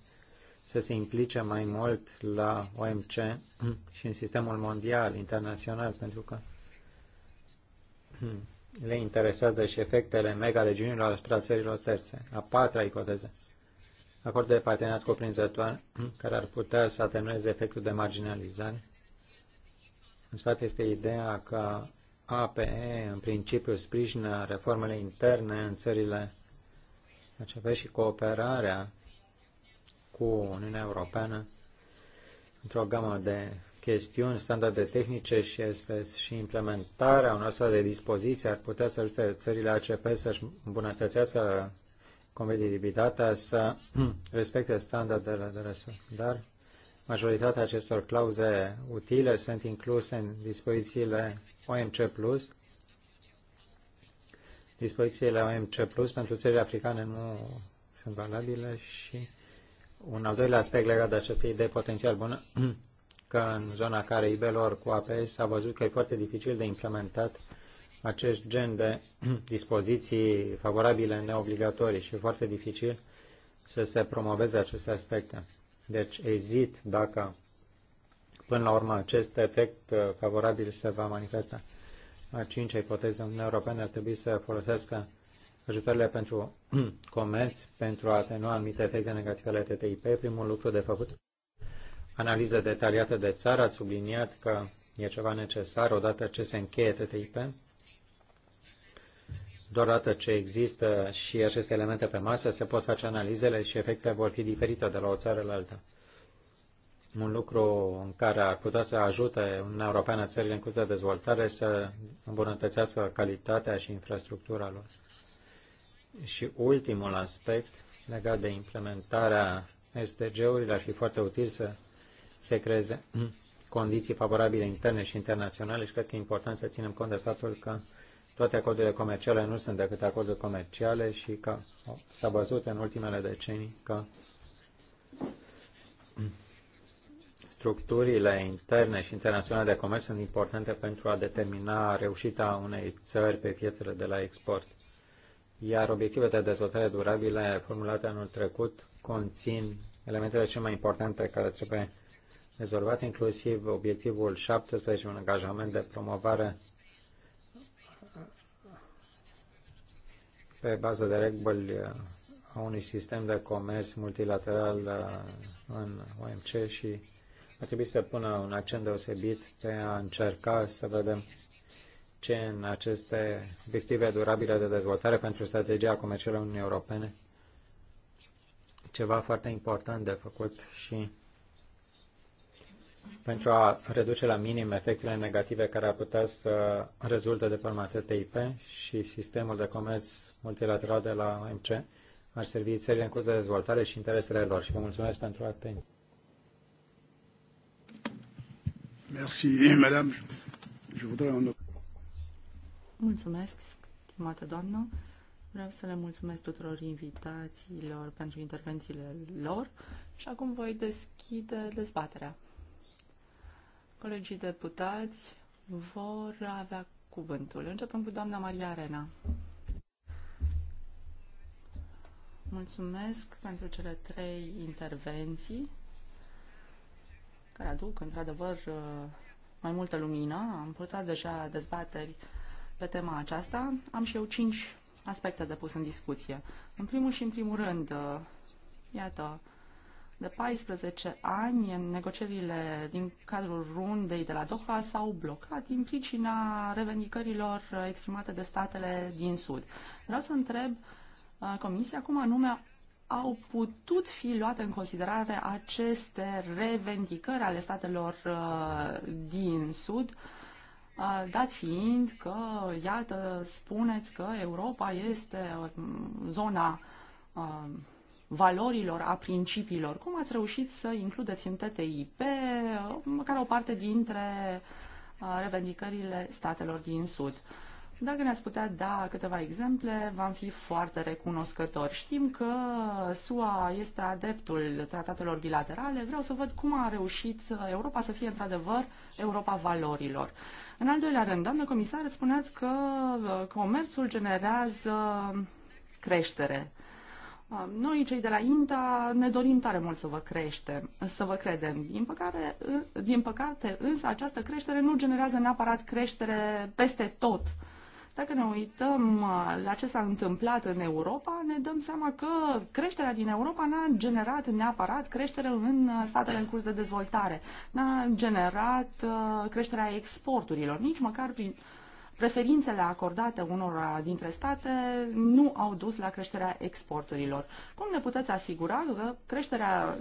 să se implice mai mult la OMC și în sistemul mondial, internațional, pentru că le interesează și efectele mega-regiunilor asupra țărilor terțe. A patra ipoteză. Acord de parteneriat cuprinzător care ar putea să atenueze efectul de marginalizare. În spate este ideea că APE în principiu sprijină reformele interne în țările ACV și cooperarea cu Uniunea Europeană într-o gamă de chestiuni, standarde tehnice și SPS și implementarea unor astfel de dispoziții ar putea să ajute țările ACP să-și îmbunătățească competitivitatea, să respecte standardele de resurse. Dar majoritatea acestor clauze utile sunt incluse în dispozițiile OMC+, Plus. dispozițiile OMC+, Plus pentru țările africane nu sunt valabile și un al doilea aspect legat de această idee potențial bună, că în zona Caraibelor cu APS s-a văzut că e foarte dificil de implementat acest gen de dispoziții favorabile neobligatorii și e foarte dificil să se promoveze aceste aspecte. Deci ezit dacă Până la urmă, acest efect uh, favorabil se va manifesta. A cincea ipoteză, Uniunea Europeană ar trebui să folosească ajutoarele pentru comerț, pentru a atenua anumite efecte negative ale TTIP. Primul lucru de făcut, analiză detaliată de țară, a subliniat că e ceva necesar odată ce se încheie TTIP, doar odată ce există și aceste elemente pe masă, se pot face analizele și efectele vor fi diferite de la o țară la alta un lucru în care ar putea să ajute Uniunea Europeană țările în curs de dezvoltare să îmbunătățească calitatea și infrastructura lor. Și ultimul aspect legat de implementarea SDG-urilor ar fi foarte util să se creeze condiții favorabile interne și internaționale și cred că e important să ținem cont de faptul că toate acordurile comerciale nu sunt decât acorduri comerciale și că s-a văzut în ultimele decenii că structurile interne și internaționale de comerț sunt importante pentru a determina reușita unei țări pe piețele de la export. Iar obiectivele de dezvoltare durabile formulate anul trecut conțin elementele cele mai importante care trebuie rezolvate, inclusiv obiectivul 17, un angajament de promovare pe bază de reguli a unui sistem de comerț multilateral uh, în OMC și ar trebui să pună un accent deosebit pe a încerca să vedem ce în aceste obiective durabile de dezvoltare pentru strategia comercială Uniunii Europene, ceva foarte important de făcut și pentru a reduce la minim efectele negative care ar putea să rezultă de pe TTIP și sistemul de comerț multilateral de la OMC ar servi țările în curs de dezvoltare și interesele lor. Și vă mulțumesc pentru atenție. Merci, madame. Je voudrais en... Mulțumesc, stimată doamnă. Vreau să le mulțumesc tuturor invitațiilor pentru intervențiile lor și acum voi deschide dezbaterea. Colegii deputați vor avea cuvântul. Începem cu doamna Maria Arena. Mulțumesc pentru cele trei intervenții care aduc, într-adevăr, uh, mai multă lumină. Am purtat deja dezbateri pe tema aceasta. Am și eu cinci aspecte de pus în discuție. În primul și în primul rând, uh, iată, de 14 ani, negocierile din cadrul rundei de la Doha s-au blocat din pricina revendicărilor exprimate de statele din Sud. Vreau să întreb uh, Comisia cum anume au putut fi luate în considerare aceste revendicări ale statelor uh, din Sud, uh, dat fiind că, iată, spuneți că Europa este uh, zona valorilor, a principiilor. Cum ați reușit să includeți în TTIP măcar o parte dintre revendicările statelor din Sud? Dacă ne-ați putea da câteva exemple, v-am fi foarte recunoscători. Știm că SUA este adeptul tratatelor bilaterale. Vreau să văd cum a reușit Europa să fie într-adevăr Europa valorilor. În al doilea rând, doamnă comisar, spuneați că uh, comerțul generează creștere. Uh, noi, cei de la INTA, ne dorim tare mult să vă creștem, să vă credem. Din păcate, uh, din păcate, însă, această creștere nu generează neapărat creștere peste tot uh, dacă ne uităm uh, la ce s-a întâmplat în Europa, ne dăm seama că creșterea din Europa n-a generat neapărat creștere în uh, statele în curs de dezvoltare, n-a generat uh, creșterea exporturilor, nici măcar prin preferințele acordate unora dintre state nu au dus la creșterea exporturilor. Cum ne puteți asigura că creșterea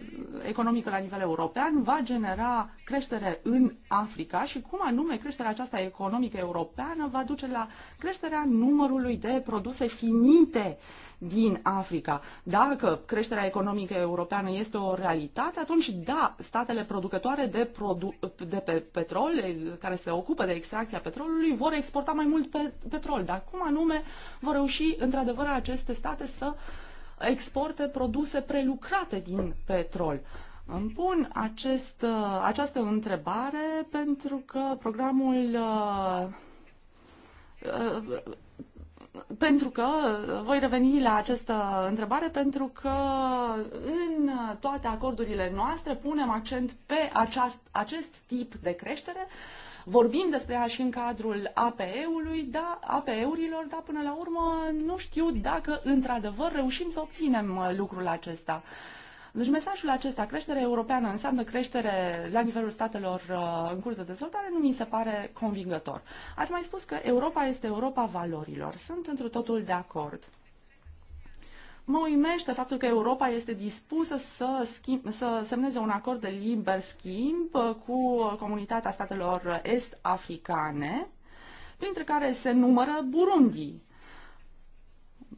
economică la nivel european va genera creștere în Africa și cum anume creșterea aceasta economică europeană va duce la creșterea numărului de produse finite din Africa. Dacă creșterea economică europeană este o realitate, atunci da, statele producătoare de, produ- de pe petrol, care se ocupă de extracția petrolului, vor exporta mai mult pe- petrol. Dar cum anume vor reuși într-adevăr aceste state să exporte produse prelucrate din petrol? Îmi pun acest, această întrebare pentru că programul uh, uh, pentru că uh, voi reveni la această întrebare pentru că uh, în uh, toate acordurile noastre punem accent pe aceast, acest tip de creștere. Vorbim despre ea și în cadrul APE-ului, da, APE-urilor, dar până la urmă nu știu dacă într-adevăr reușim să obținem lucrul acesta. Uh, deci mesajul acesta, creștere europeană înseamnă creștere la nivelul statelor uh, în curs de dezvoltare, nu mi se pare convingător. Ați mai spus că Europa este Europa valorilor. Sunt într totul de acord. Mă uimește faptul că Europa este dispusă să, schimb, să semneze un acord de liber schimb uh, cu comunitatea statelor est-africane, printre care se numără Burundi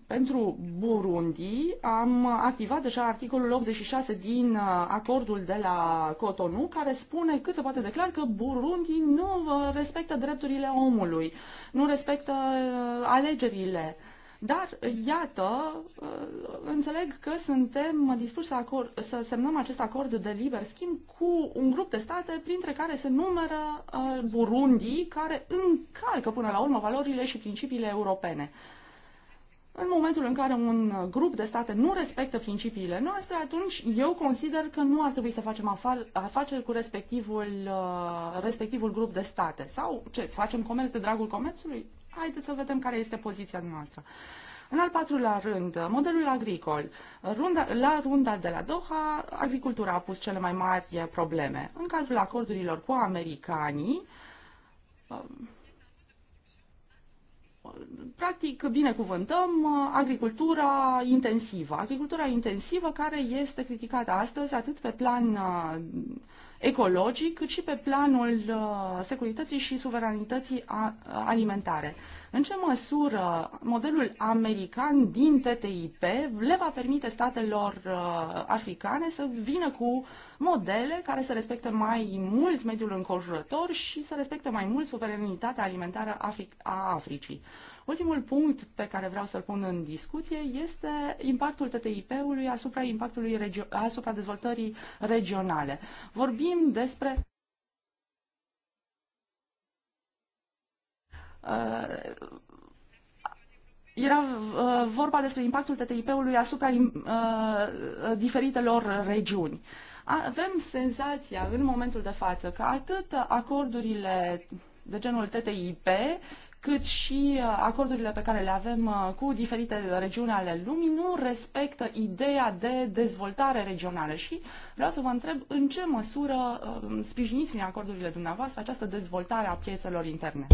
pentru Burundi am activat deja articolul 86 din uh, acordul de la Cotonou, care spune cât se poate declar că Burundi nu respectă drepturile omului, nu respectă uh, alegerile. Dar, iată, uh, înțeleg că suntem dispuși să, acord, să semnăm acest acord de liber schimb cu un grup de state, printre care se numără Burundi, care încalcă până la urmă valorile și principiile europene. În momentul în care un uh, grup de state nu respectă principiile noastre, atunci eu consider că nu ar trebui să facem afaceri cu respectivul, uh, respectivul grup de state. Sau ce, facem comerț de dragul comerțului? Haideți să vedem care este poziția noastră. În al patrulea rând, uh, modelul agricol. Runda, la runda de la Doha, agricultura a pus cele mai mari probleme. În cadrul acordurilor cu americanii, practic binecuvântăm uh, agricultura intensivă. Agricultura intensivă care este criticată astăzi atât pe plan uh, ecologic, cât și pe planul uh, securității și suveranității alimentare. În ce măsură modelul american din TTIP le va permite statelor uh, africane să vină cu modele care să respecte mai mult mediul înconjurător și să respecte mai mult suveranitatea alimentară a Africii? Ultimul punct pe care vreau să-l pun în discuție este impactul TTIP-ului asupra impactului regio- asupra dezvoltării regionale. Vorbim despre Uh, era uh, vorba despre impactul TTIP-ului asupra uh, diferitelor regiuni. Avem senzația în momentul de față că atât acordurile de genul TTIP, cât și acordurile pe care le avem cu diferite regiuni ale lumii nu respectă ideea de dezvoltare regională și vreau să vă întreb în ce măsură sprijiniți prin acordurile dumneavoastră această dezvoltare a piețelor interne.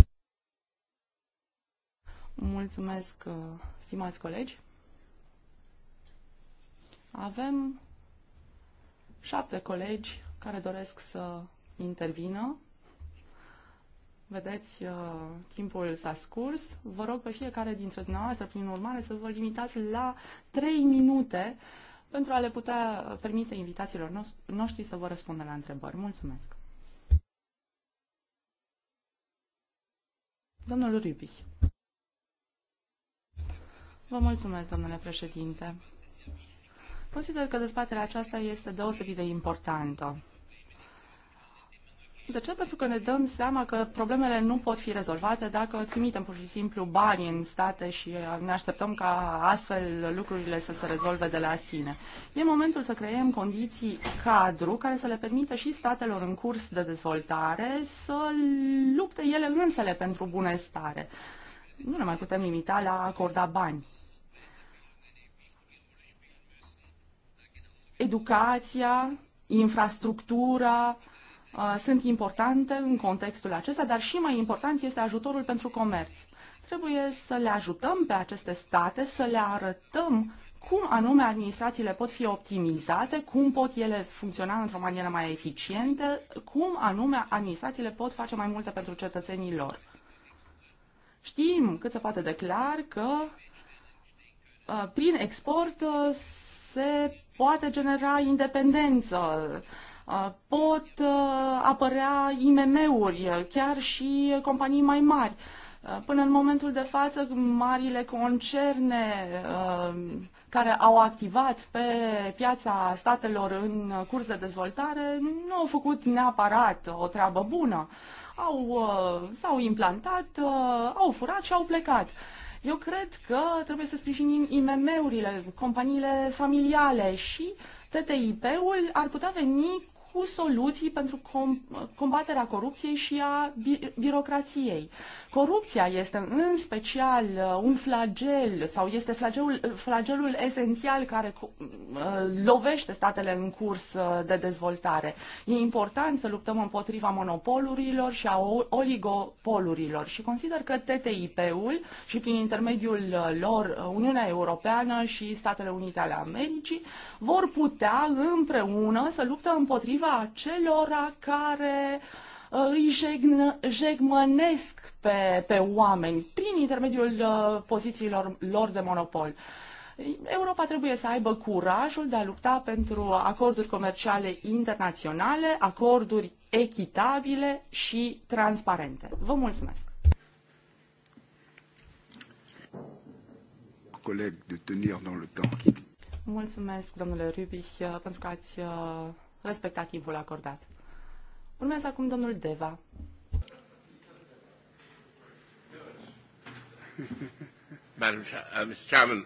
Mulțumesc, uh, stimați colegi. Avem șapte colegi care doresc să intervină. Vedeți, uh, timpul s-a scurs. Vă rog pe fiecare dintre dumneavoastră, prin urmare, să vă limitați la trei minute pentru a le putea permite invitațiilor noștri să vă răspundă la întrebări. Mulțumesc! Domnul Rubich. Vă mulțumesc, domnule președinte. Consider că dezbaterea aceasta este deosebit de importantă. De ce? Pentru că ne dăm seama că problemele nu pot fi rezolvate dacă trimitem pur și simplu bani în state și ne așteptăm ca astfel lucrurile să se rezolve de la sine. E momentul să creăm condiții cadru care să le permită și statelor în curs de dezvoltare să lupte ele însele pentru bunăstare. Nu ne mai putem limita la a acorda bani. educația, infrastructura uh, sunt importante în contextul acesta, dar și mai important este ajutorul pentru comerț. Trebuie să le ajutăm pe aceste state, să le arătăm cum anume administrațiile pot fi optimizate, cum pot ele funcționa într-o manieră mai eficientă, cum anume administrațiile pot face mai multe pentru cetățenii lor. Știm cât se poate de clar că uh, prin export uh, se poate genera independență, uh, pot uh, apărea IMM-uri, chiar și companii mai mari. Uh, până în momentul de față, marile concerne care au activat pe piața statelor în curs de dezvoltare nu au făcut neapărat o treabă bună. Au, s-au implantat, au furat și au plecat. Eu cred că trebuie să sprijinim IMM-urile, companiile familiale și TTIP-ul ar putea veni cu soluții pentru com- combaterea corupției și a bi- birocrației. Corupția este în special uh, un flagel sau este flagelul, uh, flagelul esențial care uh, lovește statele în curs de dezvoltare. E important să luptăm împotriva monopolurilor și a oligopolurilor și consider că TTIP-ul și prin intermediul lor Uniunea Europeană și Statele Unite ale Americii vor putea împreună să luptă împotriva împotriva celora care uh, îi jegmănesc pe, pe oameni prin intermediul uh, pozițiilor lor de monopol. Europa trebuie să aibă curajul de a lupta pentru acorduri comerciale internaționale, acorduri echitabile și transparente. Vă mulțumesc! Coleg de tenir dans le temps. Mulțumesc, domnule Rubich, uh, pentru că ați respecta timpul acordat. Urmează acum domnul Deva. Uh,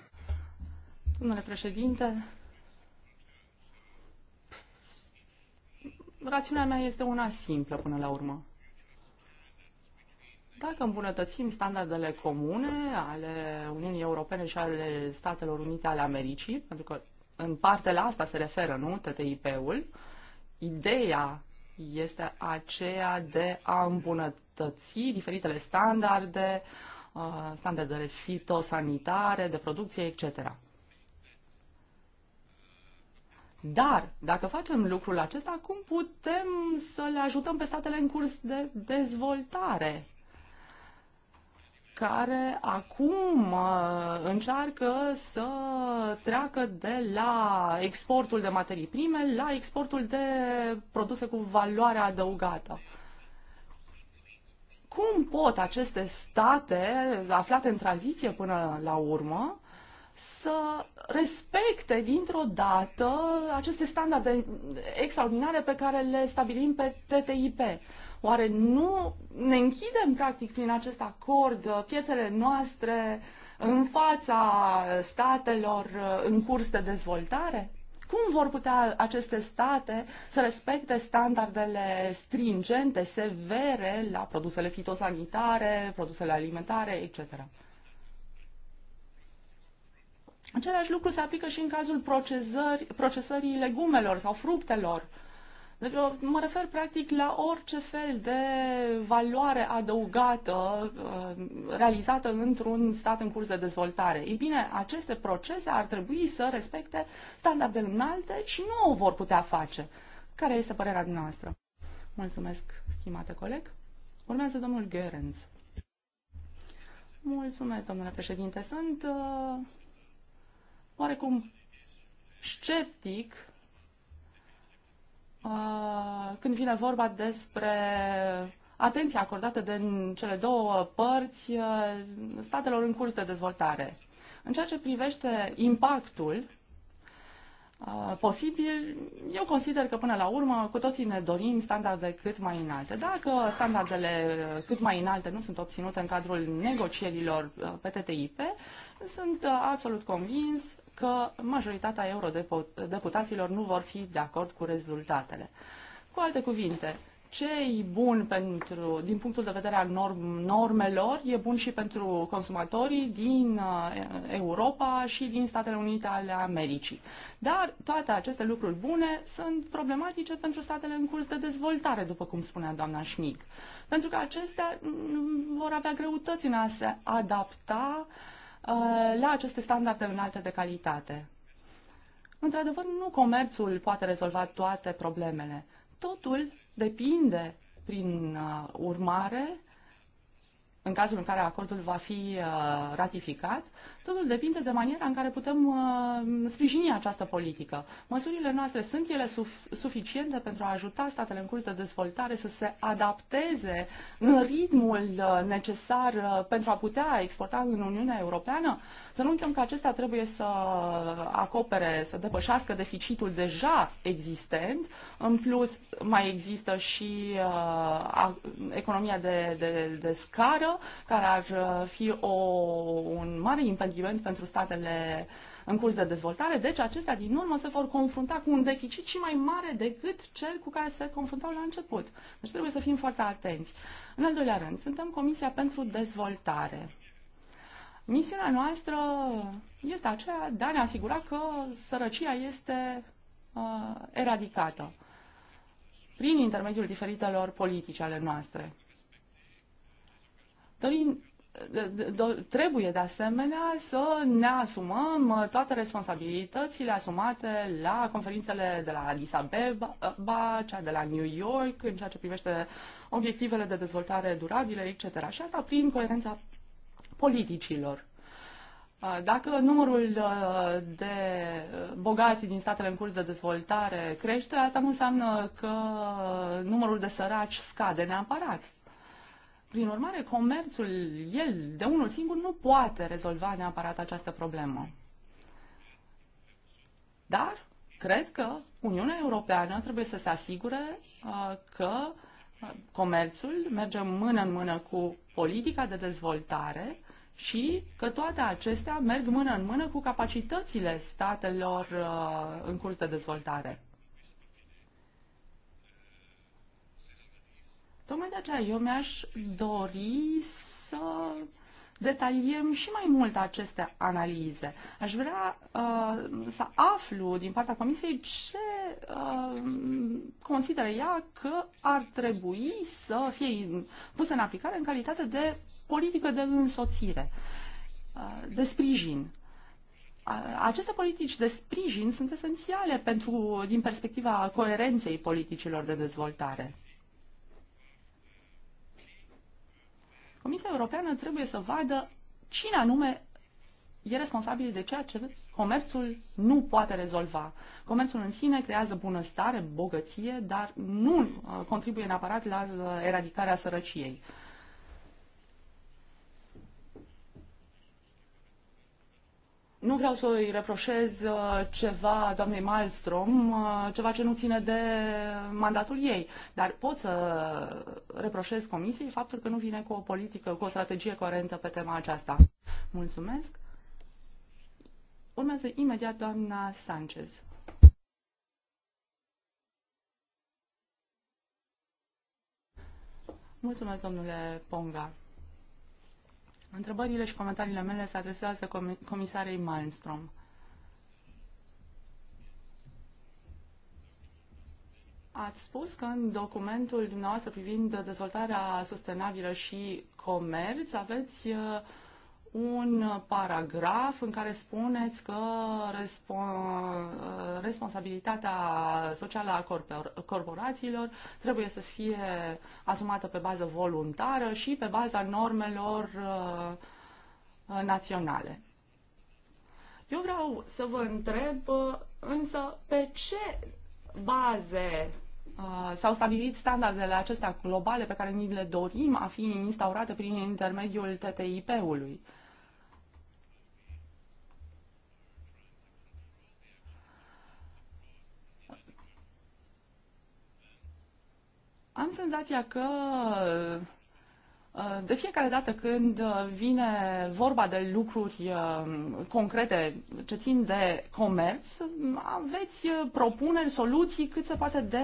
Domnule președinte, rațiunea mea este una simplă până la urmă. Dacă îmbunătățim standardele comune ale Uniunii Europene și ale Statelor Unite ale Americii, pentru că în parte la asta se referă, nu, TTIP-ul, uh, ideea este aceea de a îmbunătăți diferitele standarde, uh, standardele fitosanitare, de producție, etc. Dar, dacă facem lucrul acesta, cum putem să le ajutăm pe statele în curs de dezvoltare? care acum uh, încearcă să treacă de la exportul de materii prime la exportul de produse cu valoare adăugată. Cum pot aceste state aflate în tranziție până la urmă să respecte dintr-o dată aceste standarde extraordinare pe care le stabilim pe TTIP? Oare nu ne închidem, practic, prin acest acord uh, piețele noastre în fața statelor uh, în curs de dezvoltare? Cum vor putea aceste state să respecte standardele stringente, severe la produsele fitosanitare, produsele alimentare, etc.? Același lucru se aplică și în cazul procesării legumelor sau fructelor. Uh, deci uh, mă refer practic la orice fel de valoare adăugată uh, realizată într-un stat în curs de dezvoltare. Ei bine, aceste procese ar trebui să respecte standardele înalte și nu o vor putea face. Care este părerea noastră? Mulțumesc, stimate coleg. Urmează domnul Gerenz. Mulțumesc, domnule președinte. Sunt uh, oarecum sceptic Uh, când vine vorba despre atenția acordată de cele două părți uh, statelor în curs de dezvoltare. În ceea ce privește impactul uh, posibil, eu consider că până la urmă cu toții ne dorim standarde cât mai înalte. Dacă standardele cât mai înalte nu sunt obținute în cadrul negocierilor pe TTIP, sunt absolut convins că majoritatea eurodeputaților nu vor fi de acord cu rezultatele. Cu alte cuvinte, ce e bun pentru, din punctul de vedere al norm, normelor, e bun și pentru consumatorii din uh, Europa și din Statele Unite ale Americii. Dar toate aceste lucruri bune sunt problematice pentru statele în curs de dezvoltare, după cum spunea doamna Schmig. Pentru că acestea mm, vor avea greutăți în a se adapta uh, Uh, la aceste standarde înalte de calitate. Într-adevăr, nu comerțul poate rezolva toate problemele. Totul depinde, prin uh, urmare, în cazul în care acordul va fi uh, ratificat, Totul depinde de maniera în care putem uh, sprijini această politică. Măsurile noastre sunt ele suficiente pentru a ajuta statele în curs de dezvoltare să se adapteze în ritmul uh, necesar uh, pentru a putea exporta în Uniunea Europeană? Să nu uităm că acestea trebuie să acopere, să depășească deficitul deja existent. În plus, mai există și economia de, de, de scară, care ar fi o, un mare impediment argument pentru statele în curs de dezvoltare, deci acestea din urmă se vor confrunta cu un deficit și mai mare decât cel cu care se confruntau la început. Deci trebuie să fim foarte atenți. În al doilea rând, suntem Comisia pentru Dezvoltare. Misiunea noastră este aceea de a ne asigura că sărăcia este uh, eradicată prin intermediul diferitelor politici ale noastre. Dorim trebuie de asemenea să ne asumăm uh, toate responsabilitățile asumate la conferințele de la Addis Abeba, cea de la New York, în ceea ce privește obiectivele de dezvoltare durabilă, etc. Și asta prin coerența politicilor. Uh, dacă numărul uh, de bogați din statele în curs de dezvoltare crește, asta nu înseamnă că numărul de săraci scade neapărat. Prin urmare, comerțul, el, de unul singur, nu poate rezolva neapărat această problemă. Dar cred că Uniunea Europeană trebuie să se asigure uh, că uh, comerțul merge mână în mână cu politica de dezvoltare și că toate acestea merg mână în mână cu capacitățile statelor uh, în curs de dezvoltare. Tocmai de aceea eu mi-aș dori să detaliem și mai mult aceste analize. Aș vrea uh, să aflu din partea Comisiei ce uh, consideră ea că ar trebui să fie pusă în aplicare în calitate de politică de însoțire, uh, de sprijin. aceste politici de sprijin sunt esențiale pentru, din perspectiva coerenței politicilor de dezvoltare. Comisia Europeană trebuie să vadă cine anume e responsabil de ceea ce comerțul nu poate rezolva. Comerțul în sine creează bunăstare, bogăție, dar nu uh, contribuie neapărat la uh, eradicarea sărăciei. Uh, Nu vreau să îi reproșez uh, ceva doamnei Malmström, uh, ceva ce nu ține de mandatul ei, dar pot să reproșez comisiei faptul că nu vine cu o politică, cu o strategie coerentă pe tema aceasta. Mulțumesc. Urmează imediat doamna Sanchez. Mulțumesc, domnule Ponga. Întrebările și comentariile mele se adresează comisarei Malmström. Ați spus că în documentul dumneavoastră privind dezvoltarea sustenabilă și comerț aveți uh, un paragraf în care spuneți că respo- responsabilitatea socială a corpor- corporațiilor trebuie să fie asumată pe bază voluntară și pe baza normelor uh, naționale. Eu vreau să vă întreb uh, însă pe ce baze uh, s-au stabilit standardele acestea globale pe care ni le dorim a fi instaurate prin intermediul TTIP-ului. Am senzația că uh, de fiecare dată când uh, vine vorba de lucruri uh, concrete ce țin de comerț, aveți propuneri, soluții cât se poate de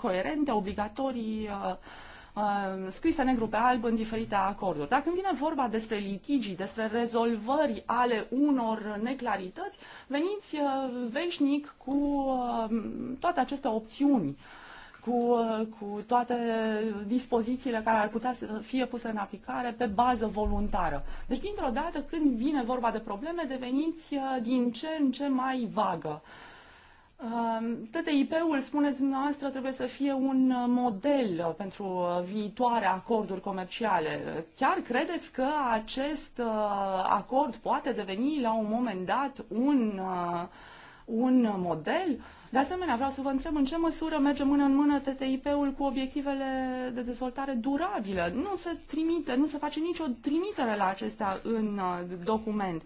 coerente, obligatorii, scrise negru pe alb în diferite acorduri. Dacă vine vorba despre litigii, despre rezolvări ale unor neclarități, veniți veșnic cu toate aceste opțiuni cu, cu toate dispozițiile care ar putea să fie puse în aplicare pe bază voluntară. Deci, dintr-o dată, când vine vorba de probleme, deveniți uh, din ce în ce mai vagă. Um, TTIP-ul, spuneți dumneavoastră, trebuie să fie un uh, model uh, pentru viitoare acorduri comerciale. Chiar credeți că acest acord poate deveni la un moment dat un, un model? De asemenea, vreau să vă întreb în ce măsură merge mână în mână TTIP-ul cu obiectivele de dezvoltare durabilă. Nu se trimite, nu se face nicio trimitere la acestea în uh, document.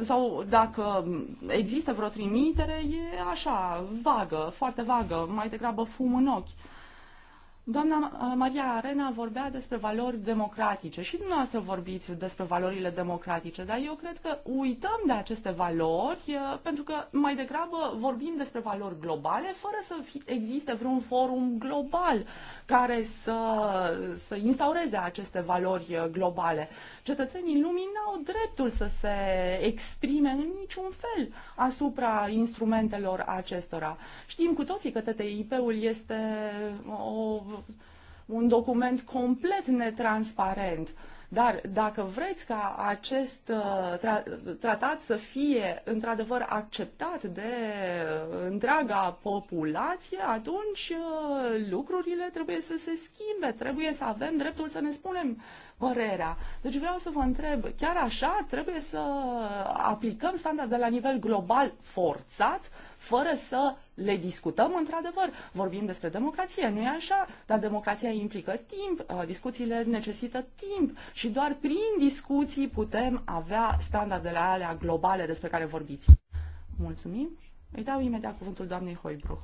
Sau dacă există vreo trimitere, e așa, vagă, foarte vagă, mai degrabă fum în ochi. Doamna uh, Maria Arena vorbea despre valori democratice și dumneavoastră vorbiți despre valorile democratice, dar eu cred că uităm de aceste valori uh, pentru că mai degrabă vorbim despre valori globale fără să existe vreun forum global care să, să instaureze aceste valori uh, globale. Cetățenii lumii nu au dreptul să se exprime în niciun fel asupra instrumentelor acestora. Știm cu toții că TTIP-ul este o un document complet netransparent. Dar dacă vreți ca acest uh, tra- tratat să fie într-adevăr acceptat de uh, întreaga populație, atunci uh, lucrurile trebuie să se schimbe, trebuie să avem dreptul să ne spunem părerea. Deci vreau să vă întreb, chiar așa trebuie să aplicăm standarde la nivel global forțat, fără să le discutăm într-adevăr. Vorbim despre democrație, nu e așa? Dar democrația implică timp, uh, discuțiile necesită timp și doar prin discuții putem avea standardele alea globale despre care vorbiți. Mulțumim. Îi dau imediat cuvântul doamnei Hoibruch.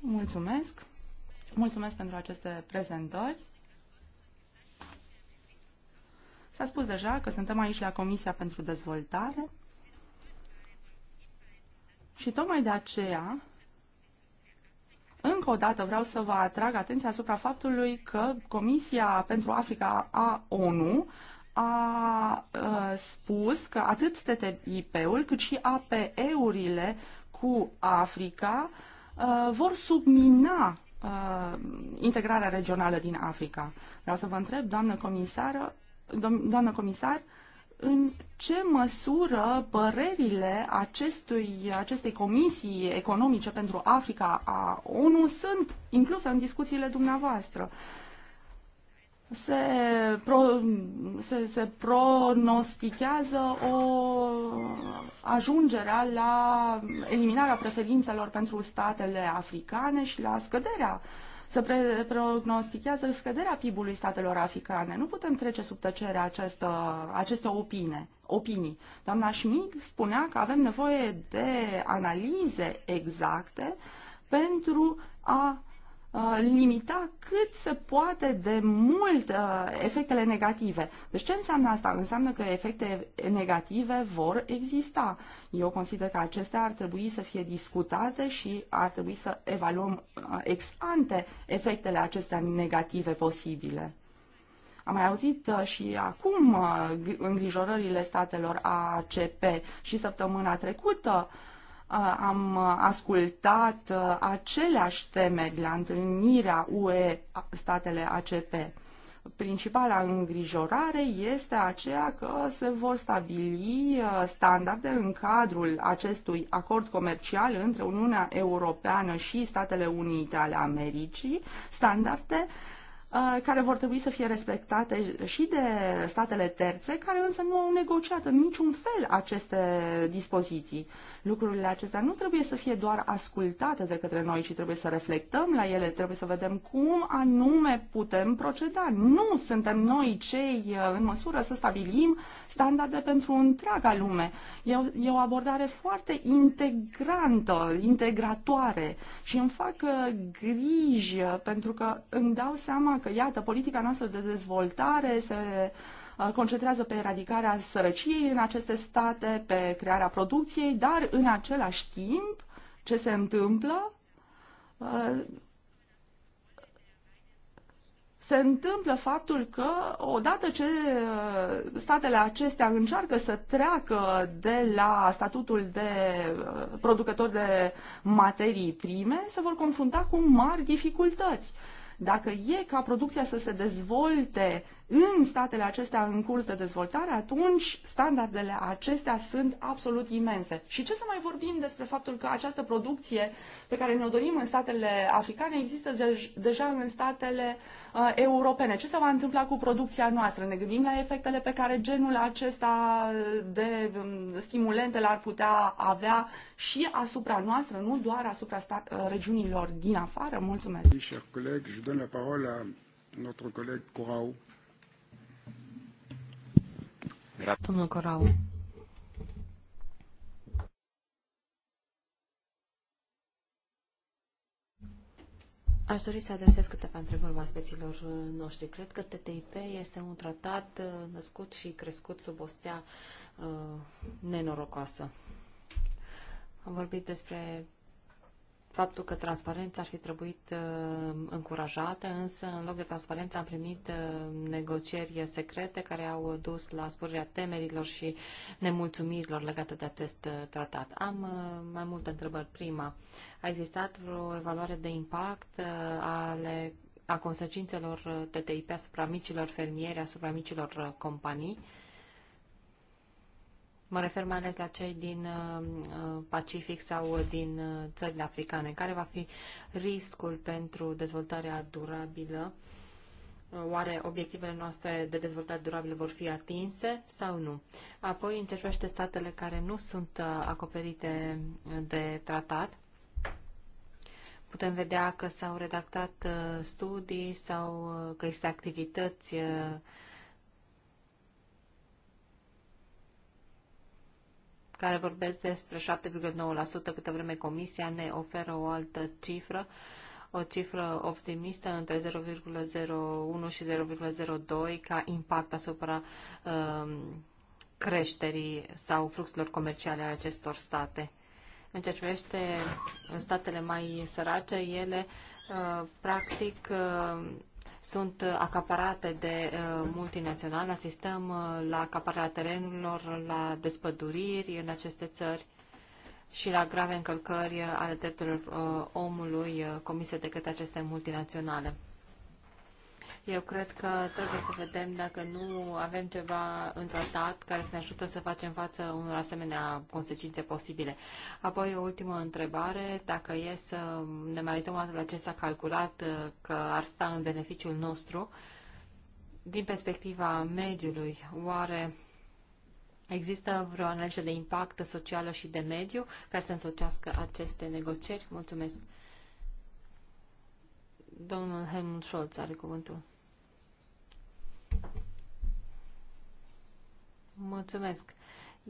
Mulțumesc. Mulțumesc pentru aceste prezentări. S-a spus deja că suntem aici la Comisia pentru Dezvoltare și tocmai de aceea încă o dată vreau să vă atrag atenția asupra faptului că Comisia pentru Africa a ONU a ă, spus că atât TTIP-ul cât și APE-urile cu Africa ă, vor submina uh, integrarea regională din Africa. Vreau să vă întreb, doamnă comisară, do- doamnă comisar, în ce măsură părerile acestui, acestei comisii economice pentru Africa a ONU sunt incluse în discuțiile dumneavoastră? Se, pro, se, se pronostichează o ajungerea la eliminarea preferințelor pentru statele africane și la scăderea să prognostichează scăderea PIB-ului statelor africane. Nu putem trece sub tăcere acestă, aceste opine, opinii. Doamna Schmidt spunea că avem nevoie de analize exacte pentru a Uh, limita cât se poate de mult uh, efectele negative. Deci ce înseamnă asta? Înseamnă că efecte negative vor exista. Eu consider că acestea ar trebui să fie discutate și ar trebui să evaluăm uh, ex ante efectele acestea negative posibile. Am mai auzit și acum îngrijorările statelor ACP și săptămâna trecută uh, Uh, am uh, ascultat uh, aceleași temeri la întâlnirea UE statele ACP. Principala îngrijorare este aceea că se vor stabili standarde în cadrul acestui acord comercial între Uniunea Europeană și Statele Unite ale Americii, standarde uh, Uh, care vor trebui să fie respectate și de statele terțe, care însă nu au negociat în niciun fel aceste dispoziții. Lucrurile acestea nu trebuie să fie doar ascultate de către noi, ci trebuie să reflectăm la ele, trebuie să vedem cum anume putem proceda. Nu suntem noi cei uh, în măsură să stabilim standarde pentru întreaga lume. E o, e o abordare foarte integrantă, integratoare și îmi fac uh, griji pentru că îmi dau seama că, iată, politica noastră de dezvoltare se uh, concentrează pe eradicarea sărăciei în aceste state, pe crearea producției, dar în același timp, ce se întâmplă? Uh, se întâmplă faptul că odată ce uh, statele acestea încearcă să treacă de la statutul de producător de materii prime, se vor confrunta cu mari dificultăți. Dacă e ca producția să se dezvolte în statele acestea în curs de dezvoltare, atunci standardele acestea sunt absolut imense. Și ce să mai vorbim despre faptul că această producție pe care ne-o dorim în statele africane există deja în statele uh, europene. Ce se va întâmpla cu producția noastră? Ne gândim la efectele pe care genul acesta de um, stimulente l-ar putea avea și asupra noastră, nu doar asupra sta- uh, regiunilor din afară. Mulțumesc! Chers la notre collègue Corau. Domnul Corau. Aș dori să adresez câteva întrebări oaspeților uh, noștri. Cred că TTIP este un tratat uh, născut și crescut sub o stea uh, nenorocoasă. Am vorbit despre faptul că transparența ar fi trebuit uh, încurajată, însă în loc de transparență am primit uh, negocieri secrete care au dus la spurgerea temerilor și nemulțumirilor legate de acest uh, tratat. Am uh, mai multe întrebări. Prima, a existat vreo evaluare de impact uh, ale a consecințelor uh, TTIP asupra micilor fermieri, asupra micilor uh, companii? Uh, Mă refer mai ales la cei din uh, uh, Pacific sau din uh, țările africane. Care va fi riscul pentru dezvoltarea durabilă? Oare obiectivele noastre de dezvoltare durabilă vor fi atinse sau nu? Apoi încercește statele care nu sunt acoperite de tratat. Putem vedea că s-au redactat studii sau că există activități care vorbesc despre 7,9%, câtă vreme Comisia ne oferă o altă cifră, o cifră optimistă între 0,01 și 0,02 ca impact asupra um, creșterii sau fluxurilor comerciale ale acestor state. În ceea ce privește statele mai sărace, ele uh, practic uh, sunt acaparate de uh, multinaționale, asistăm uh, la acapararea terenurilor, la despăduriri în aceste țări și la grave încălcări ale drepturilor uh, omului comise de către aceste multinaționale. Eu cred că trebuie să vedem dacă nu avem ceva în tratat care să ne ajută să facem față unor asemenea consecințe posibile. Apoi o ultimă întrebare, dacă e să ne mai uităm la ce s-a calculat uh, că ar sta în beneficiul nostru, din perspectiva mediului, oare Există vreo analiză de impact socială și de mediu care să însocească aceste negocieri? Mulțumesc! Domnul Helmut Scholz are cuvântul. Mulțumesc.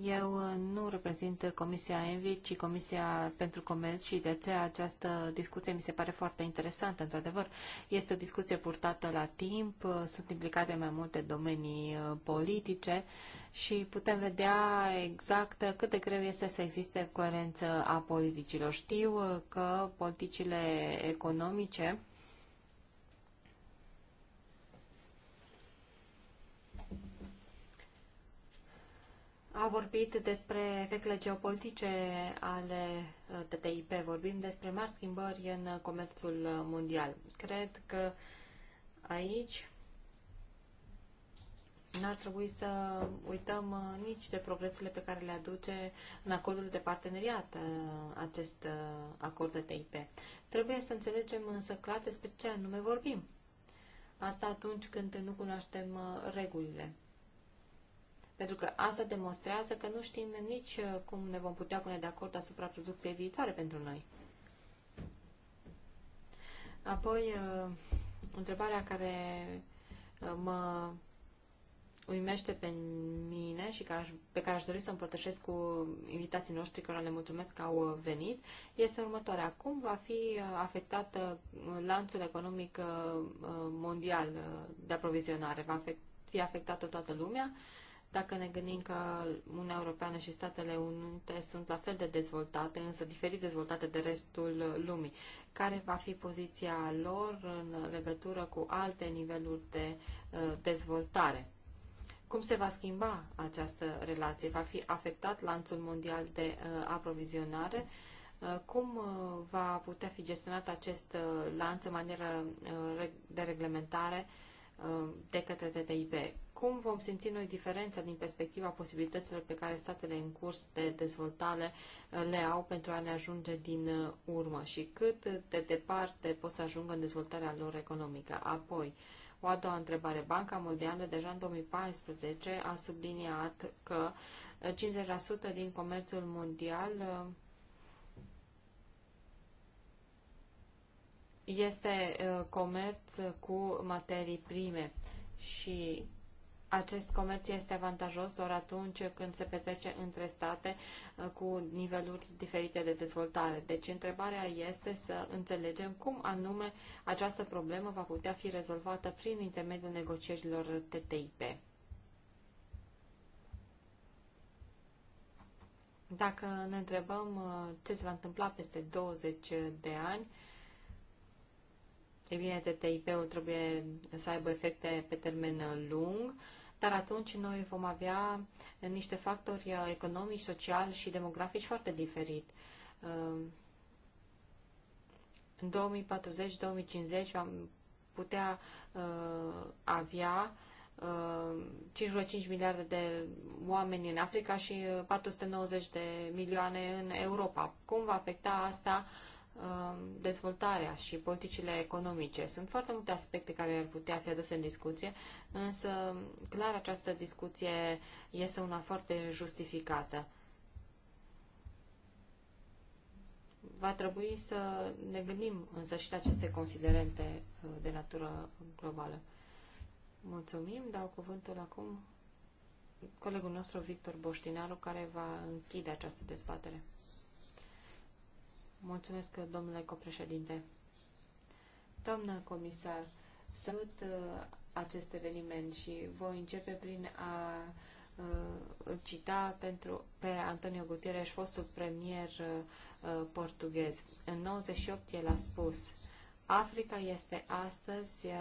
Eu uh, nu reprezint Comisia Envi, ci Comisia pentru Comerț și de aceea această discuție mi se pare foarte interesantă, într-adevăr. Este o discuție purtată la timp, uh, sunt implicate mai multe domenii uh, politice și putem vedea exact cât de greu este să existe coerență a politicilor. Știu că politicile economice a vorbit despre efectele geopolitice ale uh, TTIP. Vorbim despre mari schimbări în comerțul mondial. Cred că aici n-ar trebui să uităm uh, nici de progresele pe care le aduce în acordul de parteneriat uh, acest acord de TIP. Trebuie să înțelegem însă clar despre ce anume vorbim. Asta atunci când nu cunoaștem regulile. Pentru că asta demonstrează că nu știm nici uh, cum ne vom putea pune de acord asupra producției viitoare pentru noi. Apoi, uh, întrebarea care uh, mă uimește pe mine și pe care aș dori să împărtășesc cu invitații noștri, care le mulțumesc că au venit, este următoarea. Cum va fi afectat lanțul economic mondial de aprovizionare? Va fi afectată toată lumea? Uh, dacă ne gândim că Uniunea Europeană și Statele Unite sunt la fel de dezvoltate, însă diferit dezvoltate de restul lumii, care va fi poziția lor în legătură cu alte niveluri de uh, dezvoltare? Cum se va schimba această relație? Va fi afectat lanțul mondial de uh, aprovizionare? Uh, cum va putea fi gestionat acest lanț în manieră de reglementare de către TTIP? Cum vom simți noi diferența din perspectiva posibilităților pe care statele în curs de dezvoltare uh, le au pentru a ne ajunge din uh, urmă și cât de departe pot să ajungă în dezvoltarea lor economică? Apoi, o a doua întrebare. Banca Mondială deja în 2014 a subliniat că 50% uh, din comerțul mondial este comerț cu materii prime și acest comerț este avantajos doar atunci când se petrece între state uh, cu niveluri diferite de dezvoltare. Deci întrebarea este să înțelegem cum anume această problemă va putea fi rezolvată prin intermediul negocierilor TTIP. Dacă ne întrebăm uh, ce se va întâmpla peste 20 de ani, e bine, TTIP-ul trebuie să aibă efecte pe termen uh, lung, dar atunci noi vom avea niște factori uh, economici, sociali și demografici foarte diferit. Uh, în 2040-2050 am putea uh, avea 5,5 miliarde de oameni în Africa și 490 de milioane în Europa. Cum va afecta asta uh, Um, dezvoltarea și politicile economice. Sunt foarte multe aspecte care ar putea fi aduse în discuție, însă clar această discuție este una foarte justificată. Va trebui să ne gândim însă și la aceste considerente uh, de natură globală. Mulțumim, dau cuvântul acum colegul nostru Victor Boștinaru, care va închide această dezbatere. Mulțumesc, domnule copreședinte. Doamnă comisar, salut uh, acest eveniment și voi începe prin a uh, cita pentru, pe Antonio Gutierrez, fostul premier uh, portughez. În 98 el a spus Africa este astăzi uh,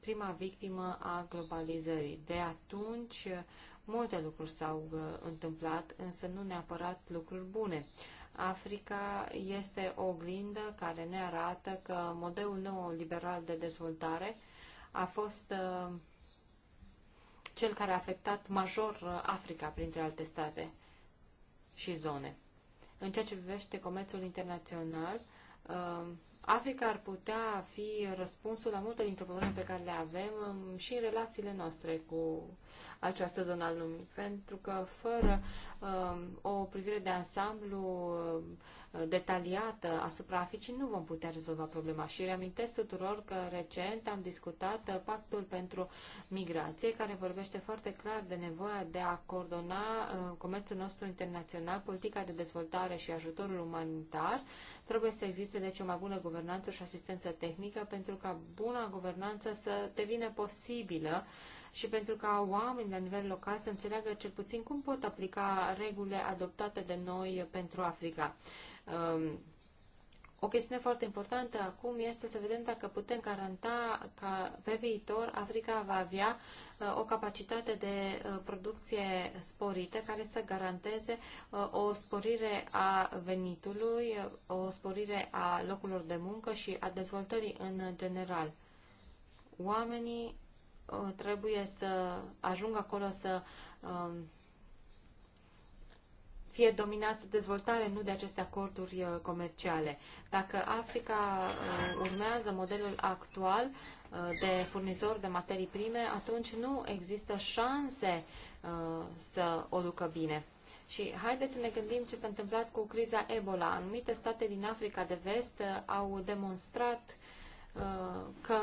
prima victimă a globalizării. De atunci multe lucruri s-au întâmplat, însă nu neapărat lucruri bune. Uh, Africa este o oglindă care ne arată că modelul neoliberal de dezvoltare a fost uh, cel care a afectat major uh, Africa, printre alte state și zone. În ceea ce privește comerțul internațional, uh, Africa ar putea fi răspunsul la multe dintre problemele pe care le avem um, și în relațiile noastre cu această zonă a lumii, pentru că fără uh, o privire de ansamblu uh, detaliată asupra aficii nu vom putea rezolva problema. Și reamintesc tuturor că recent am discutat uh, pactul pentru migrație, care vorbește foarte clar de nevoia de a coordona uh, comerțul nostru internațional, politica de dezvoltare și ajutorul umanitar. Trebuie să existe deci o mai bună guvernanță și asistență tehnică pentru ca buna guvernanță să devină posibilă uh, și pentru ca oamenii la nivel local să înțeleagă cel puțin cum pot aplica regulile adoptate de noi pentru Africa. Um, o chestiune foarte importantă acum este să vedem dacă putem garanta că pe viitor Africa va avea uh, o capacitate de uh, producție sporită care să garanteze uh, o sporire a venitului, o sporire a locurilor de muncă și a dezvoltării în general. Oamenii Uh, trebuie să ajungă acolo să um, fie dominați dezvoltare, nu de aceste acorduri uh, comerciale. Dacă Africa uh, urmează modelul actual de furnizor de materii prime, atunci nu există șanse să o ducă bine. Și haideți să ne gândim ce s-a întâmplat cu criza Ebola. Anumite state din Africa de vest au demonstrat că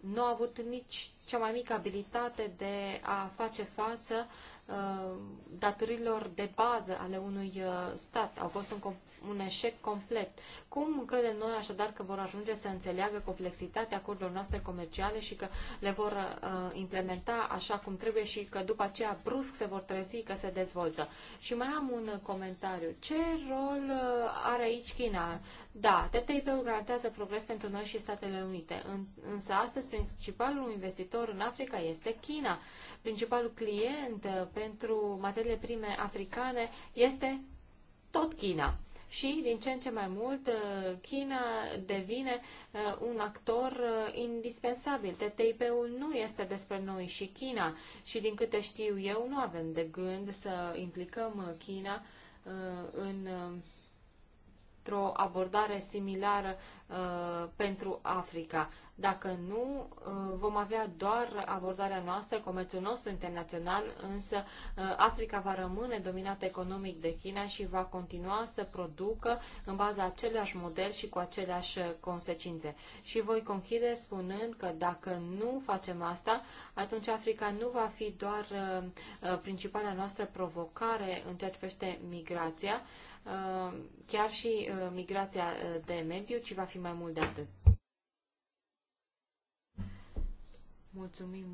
nu au avut nici cea mai mică abilitate de a face față Uh, datorilor de bază ale unui uh, stat. Au fost un, un eșec complet. Cum credem noi așadar că vor ajunge să înțeleagă complexitatea acordurilor noastre comerciale și că le vor uh, implementa așa cum trebuie și că după aceea brusc se vor trezi că se dezvoltă? Și mai am un comentariu. Ce rol uh, are aici China? Da, TTIP-ul garantează progres pentru noi și Statele Unite, în, însă astăzi principalul investitor în Africa este China. Principalul client pe pentru materiile prime africane este tot China. Și din ce în ce mai mult uh, China devine uh, un actor uh, indispensabil. TTIP-ul nu este despre noi și China și din câte știu eu nu avem de gând să implicăm China în printr-o abordare similară uh, pentru Africa. Dacă nu, uh, vom avea doar abordarea noastră, comerțul nostru internațional, însă uh, Africa va rămâne dominată economic de China și va continua să producă în baza aceleași model și cu aceleași consecințe. Și voi conchide spunând că dacă nu facem asta, atunci Africa nu va fi doar uh, uh, principala noastră provocare în ceea ce privește migrația, Uh, chiar și uh, migrația uh, de mediu, ci va fi mai mult de atât. Mulțumim,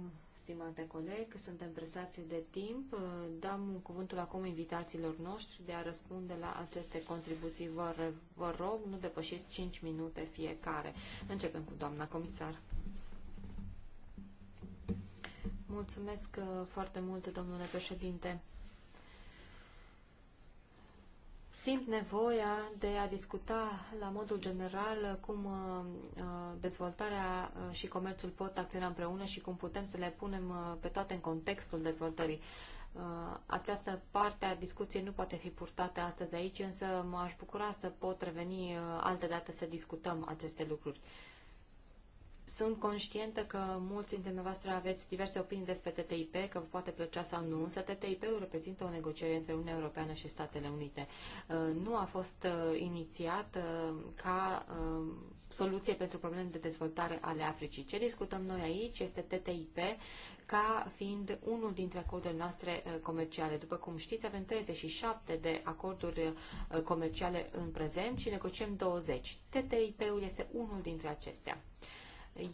stimate coleg, suntem presați de timp. Dăm cuvântul acum invitațiilor noștri de a răspunde la aceste contribuții. Vă, vă rog, nu depășiți 5 minute fiecare. Începem cu doamna comisar. Mulțumesc foarte mult, domnule președinte simt nevoia de a discuta la modul general cum uh, uh, dezvoltarea uh, și comerțul pot acționa împreună și cum putem să le punem pe toate în contextul dezvoltării. Această parte a discuției nu poate fi purtată astăzi aici, însă m-aș bucura să pot reveni altă dată să discutăm aceste lucruri. Sunt conștientă că mulți dintre dumneavoastră aveți diverse opinii despre TTIP, că vă poate plăcea sau nu, însă TTIP-ul reprezintă o negociere între Uniunea Europeană și Statele Unite. Uh, nu a fost uh, inițiat uh, ca soluție pentru probleme de dezvoltare ale Africii. Ce discutăm noi aici este TTIP ca fiind unul dintre acordurile noastre comerciale. După cum știți, avem 37 de acorduri comerciale în prezent și negociem 20. TTIP-ul este unul dintre acestea.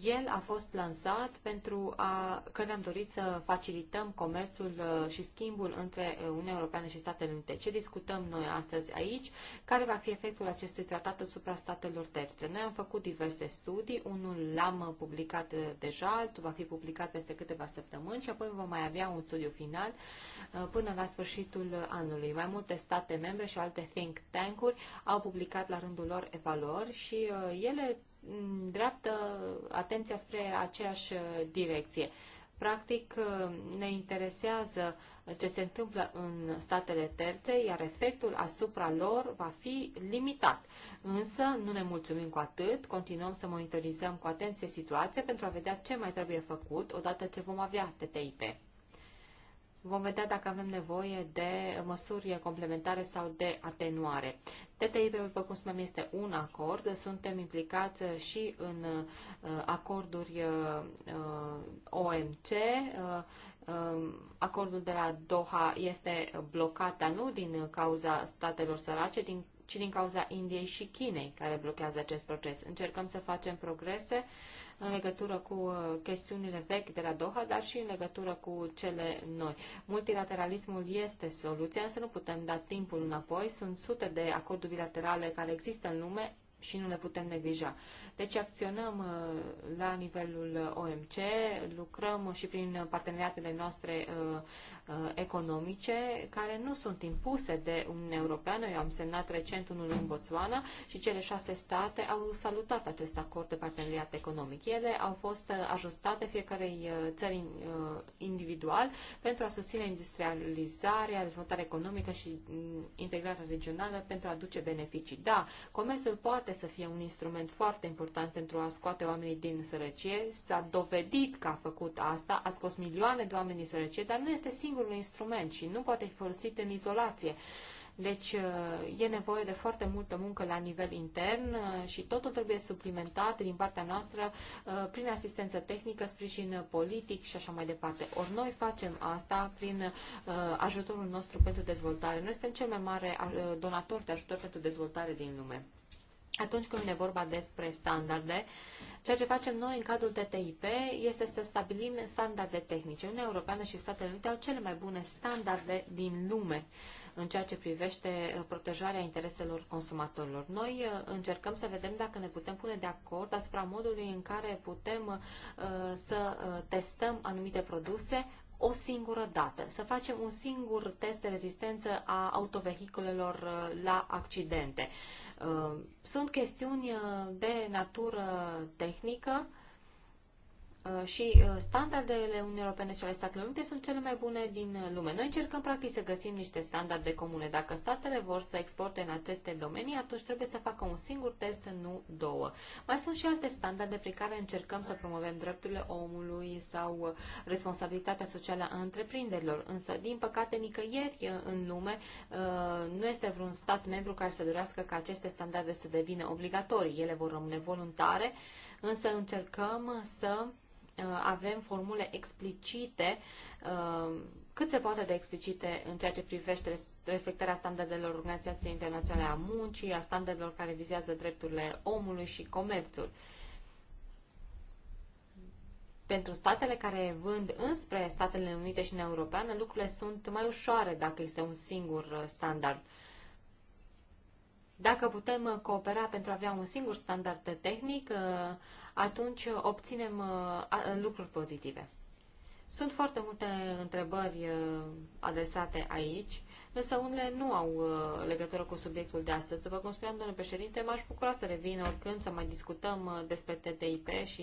El a fost lansat pentru a, că ne-am dorit să facilităm comerțul uh, și schimbul între uh, Uniunea Europeană și Statele Unite. Ce discutăm noi astăzi aici? Care va fi efectul acestui tratat asupra statelor terțe? Noi am făcut diverse studii, unul l-am publicat uh, deja, altul va fi publicat peste câteva săptămâni și apoi vom mai avea un studiu final până la sfârșitul anului. Mai multe state membre și alte think tank-uri au publicat la rândul lor evaluări și ele îndreaptă atenția spre aceeași direcție. Practic, ne interesează ce se întâmplă în statele terțe, iar efectul asupra lor va fi limitat. Însă, nu ne mulțumim cu atât, continuăm să monitorizăm cu atenție situația pentru a vedea ce mai trebuie făcut odată ce vom avea TTIP. Vom vedea dacă avem nevoie de măsuri complementare sau de atenuare. TTIP, după cum spuneam, este un acord. Suntem implicați și în uh, acorduri uh, OMC. Uh, um, acordul de la Doha este blocat, dar nu din cauza statelor sărace, din ci din cauza Indiei și Chinei, care blochează acest proces. Încercăm să facem progrese uh, în legătură cu uh, chestiunile vechi de la Doha, dar și în legătură cu cele noi. Multilateralismul este soluția, însă nu putem da timpul înapoi. Sunt sute de acorduri bilaterale care există în lume, și nu le putem neglija. Deci acționăm uh, la nivelul uh, OMC, lucrăm și prin parteneriatele noastre Uh, economice care nu sunt impuse de Uniunea Europeană. Eu am semnat recent unul în Botswana și cele șase state au salutat acest acord de parteneriat economic. Ele au fost uh, ajustate fiecarei uh, țări individual pentru a susține industrializarea, dezvoltarea economică și mm, integrarea regională pentru a aduce beneficii. Da, comerțul poate să fie un instrument foarte important pentru a scoate oamenii din sărăcie. S-a dovedit că a făcut asta, a scos milioane de oameni din sărăcie, dar nu este singur singurul instrument și nu poate fi folosit în izolație. Deci uh, e nevoie de foarte multă muncă la nivel intern uh, și totul trebuie suplimentat din partea noastră uh, prin asistență tehnică, sprijin politic și așa mai departe. Ori noi facem asta prin ajutorul nostru pentru dezvoltare. Noi suntem cel mai mare donator de ajutor pentru dezvoltare din lume atunci când e vorba despre standarde. Ceea ce facem noi în cadrul TTIP este să stabilim standarde tehnice. Uniunea Europeană și Statele Unite au cele mai bune standarde din lume în ceea ce privește uh, protejarea intereselor consumatorilor. Noi uh, încercăm să vedem dacă ne putem pune de acord asupra modului în care putem uh, să testăm anumite produse o singură dată, să facem un singur test de rezistență a autovehiculelor uh, la accidente. Uh, sunt chestiuni uh, de natură tehnică Uh, și uh, standardele Uniunii Europene și ale Statelor Unite sunt cele mai bune din lume. Noi încercăm practic să găsim niște standarde comune. Dacă statele vor să exporte în aceste domenii, atunci trebuie să facă un singur test, nu două. Mai sunt și alte standarde prin care încercăm să promovăm drepturile omului sau uh, responsabilitatea socială a întreprinderilor. Însă, din păcate, nicăieri în lume nu este vreun stat membru care să dorească ca aceste standarde să devină obligatorii. Ele vor rămâne voluntare, însă încercăm să Uh, avem formule explicite, uh, cât se poate de explicite în ceea ce privește respectarea standardelor Organizației Internaționale a Muncii, a standardelor care vizează drepturile omului și comerțul. Pentru statele care vând înspre Statele Unite și în Europeană, lucrurile sunt mai ușoare dacă este un singur uh, standard. Uh, dacă putem uh, coopera pentru a avea un singur standard tehnic, uh, atunci uh, obținem lucruri pozitive. Sunt foarte multe întrebări adresate aici însă unele nu au uh, legătură cu subiectul de astăzi. După cum spuneam, domnule președinte, m-aș bucura să revin oricând să mai discutăm uh, despre TTIP și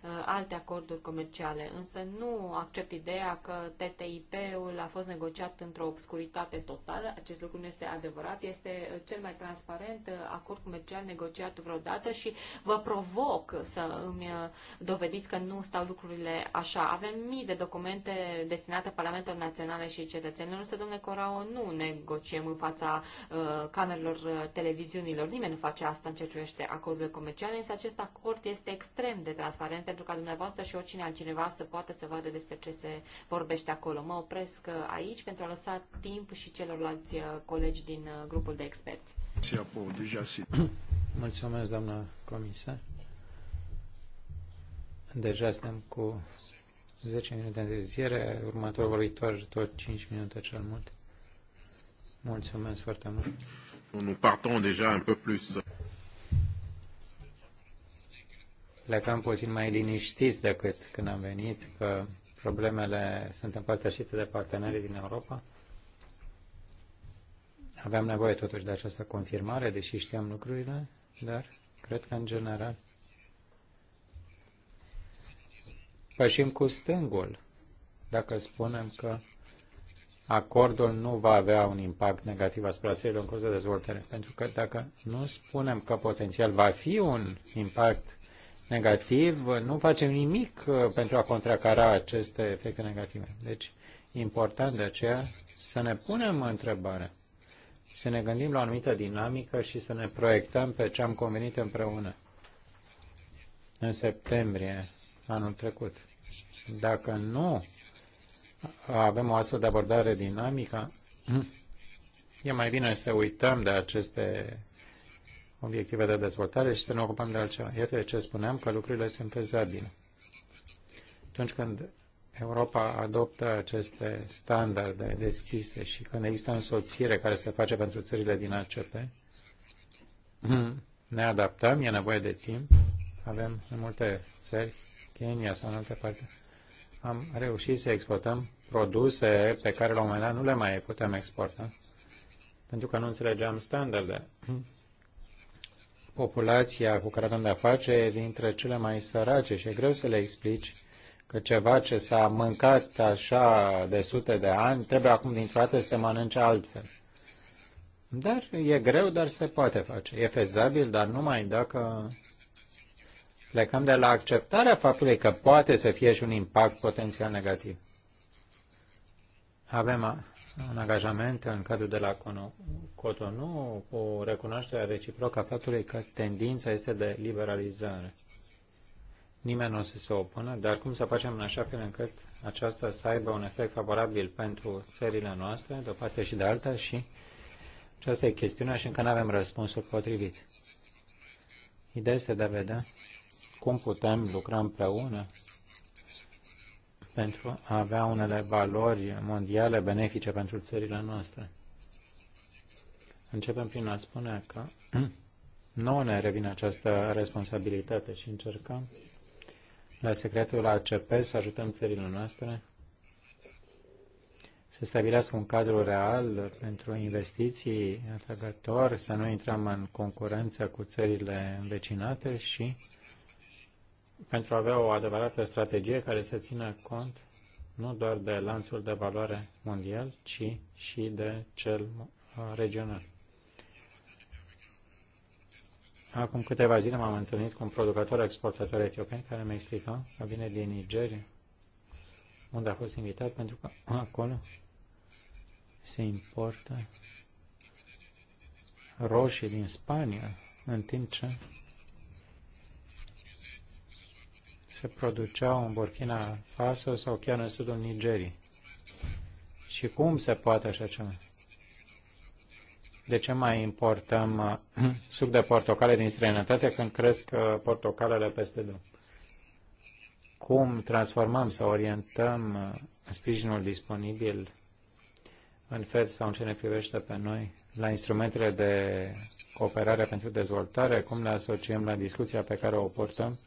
uh, alte acorduri comerciale, însă nu accept ideea că TTIP-ul a fost negociat într-o obscuritate totală. Acest lucru nu este adevărat, este cel mai transparent acord comercial negociat vreodată și vă provoc să îmi dovediți că nu stau lucrurile așa. Avem mii de documente destinate Parlamentului Național și cetățenilor, însă, domnule Corao, nu negociem în fața uh, camerelor uh, televiziunilor. Nimeni nu face asta în ce privește acordurile comerciale, însă acest acord este extrem de transparent pentru ca dumneavoastră și oricine altcineva să poată să vadă despre ce se vorbește acolo. Mă opresc uh, aici pentru a lăsa timp și celorlalți uh, colegi din grupul de experți. Mulțumesc, doamna comisar. Deja suntem cu 10 minute de ziere, următorul vorbitor tot 5 minute cel mult. Mulțumesc foarte mult. Nous partons deja un peu plus. Plecăm puțin mai liniștiți decât când am venit, că problemele sunt împărtășite de partenerii din Europa. Aveam nevoie totuși de această confirmare, deși știam lucrurile, dar cred că în general pășim cu stângul dacă spunem că acordul nu va avea un impact negativ asupra țărilor în curs de dezvoltare, pentru că dacă nu spunem că potențial va fi un impact negativ, nu facem nimic uh, pentru a contracara aceste efecte negative. Deci, important de aceea să ne punem întrebarea, să ne gândim la o anumită dinamică și să ne proiectăm pe ce am convenit împreună în septembrie anul trecut. Dacă nu avem o astfel de abordare dinamică, e mai bine să uităm de aceste obiective de dezvoltare și să ne ocupăm de altceva. Iată ce spuneam, că lucrurile sunt fezabile. Atunci când Europa adoptă aceste standarde deschise și când există însoțire care se face pentru țările din ACP, ne adaptăm, e nevoie de timp, avem în multe țări, Kenya sau în alte părți am reușit să exportăm produse pe care la un moment dat nu le mai putem exporta, pentru că nu înțelegeam standarde. Populația cu care avem de-a face e dintre cele mai sărace și e greu să le explici că ceva ce s-a mâncat așa de sute de ani trebuie acum dintr-o dată să se mănânce altfel. Dar e greu, dar se poate face. E fezabil, dar numai dacă Plecăm de la acceptarea faptului că poate să fie și un impact potențial negativ. Avem un angajament în cadrul de la Cotonou cu recunoașterea reciprocă a faptului că tendința este de liberalizare. Nimeni nu o să se opună, dar cum să facem în așa fel încât aceasta să aibă un efect favorabil pentru țările noastre, de o parte și de alta, și aceasta e chestiunea și încă nu avem răspunsul potrivit. Ideea este de a vedea cum putem lucra împreună pentru a avea unele valori mondiale benefice pentru țările noastre. Începem prin a spune că nouă ne revine această responsabilitate și încercăm la secretul ACP să ajutăm țările noastre să stabilească un cadru real pentru investiții atrăgător, să nu intrăm în concurență cu țările învecinate și pentru a avea o adevărată strategie care să țină cont nu doar de lanțul de valoare mondial, ci și de cel uh, regional. Acum câteva zile m-am întâlnit cu un producător exportator etiopian care mi-a explicat că vine din Nigeria, unde a fost invitat pentru că acolo se importă roșii din Spania, în timp ce se produceau în Burkina Faso sau chiar în sudul Nigerii. Și cum se poate așa ceva? De ce mai importăm uh, suc de portocale din străinătate când cresc uh, portocalele peste drum? Cum transformăm sau orientăm uh, sprijinul disponibil în fel sau în ce ne privește pe noi la instrumentele de cooperare pentru dezvoltare, cum le asociem la discuția pe care o portăm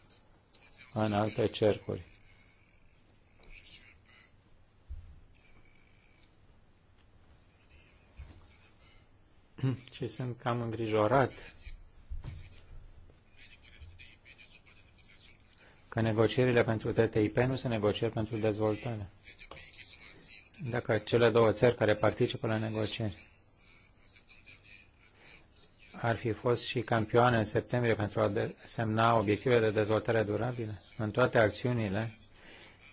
în alte cercuri. Și sunt cam îngrijorat că negocierile pentru TTIP nu sunt negocieri pentru dezvoltare. Dacă cele două țări care participă la negocieri ar fi fost și campioană în septembrie pentru a semna obiective de dezvoltare durabilă în toate acțiunile,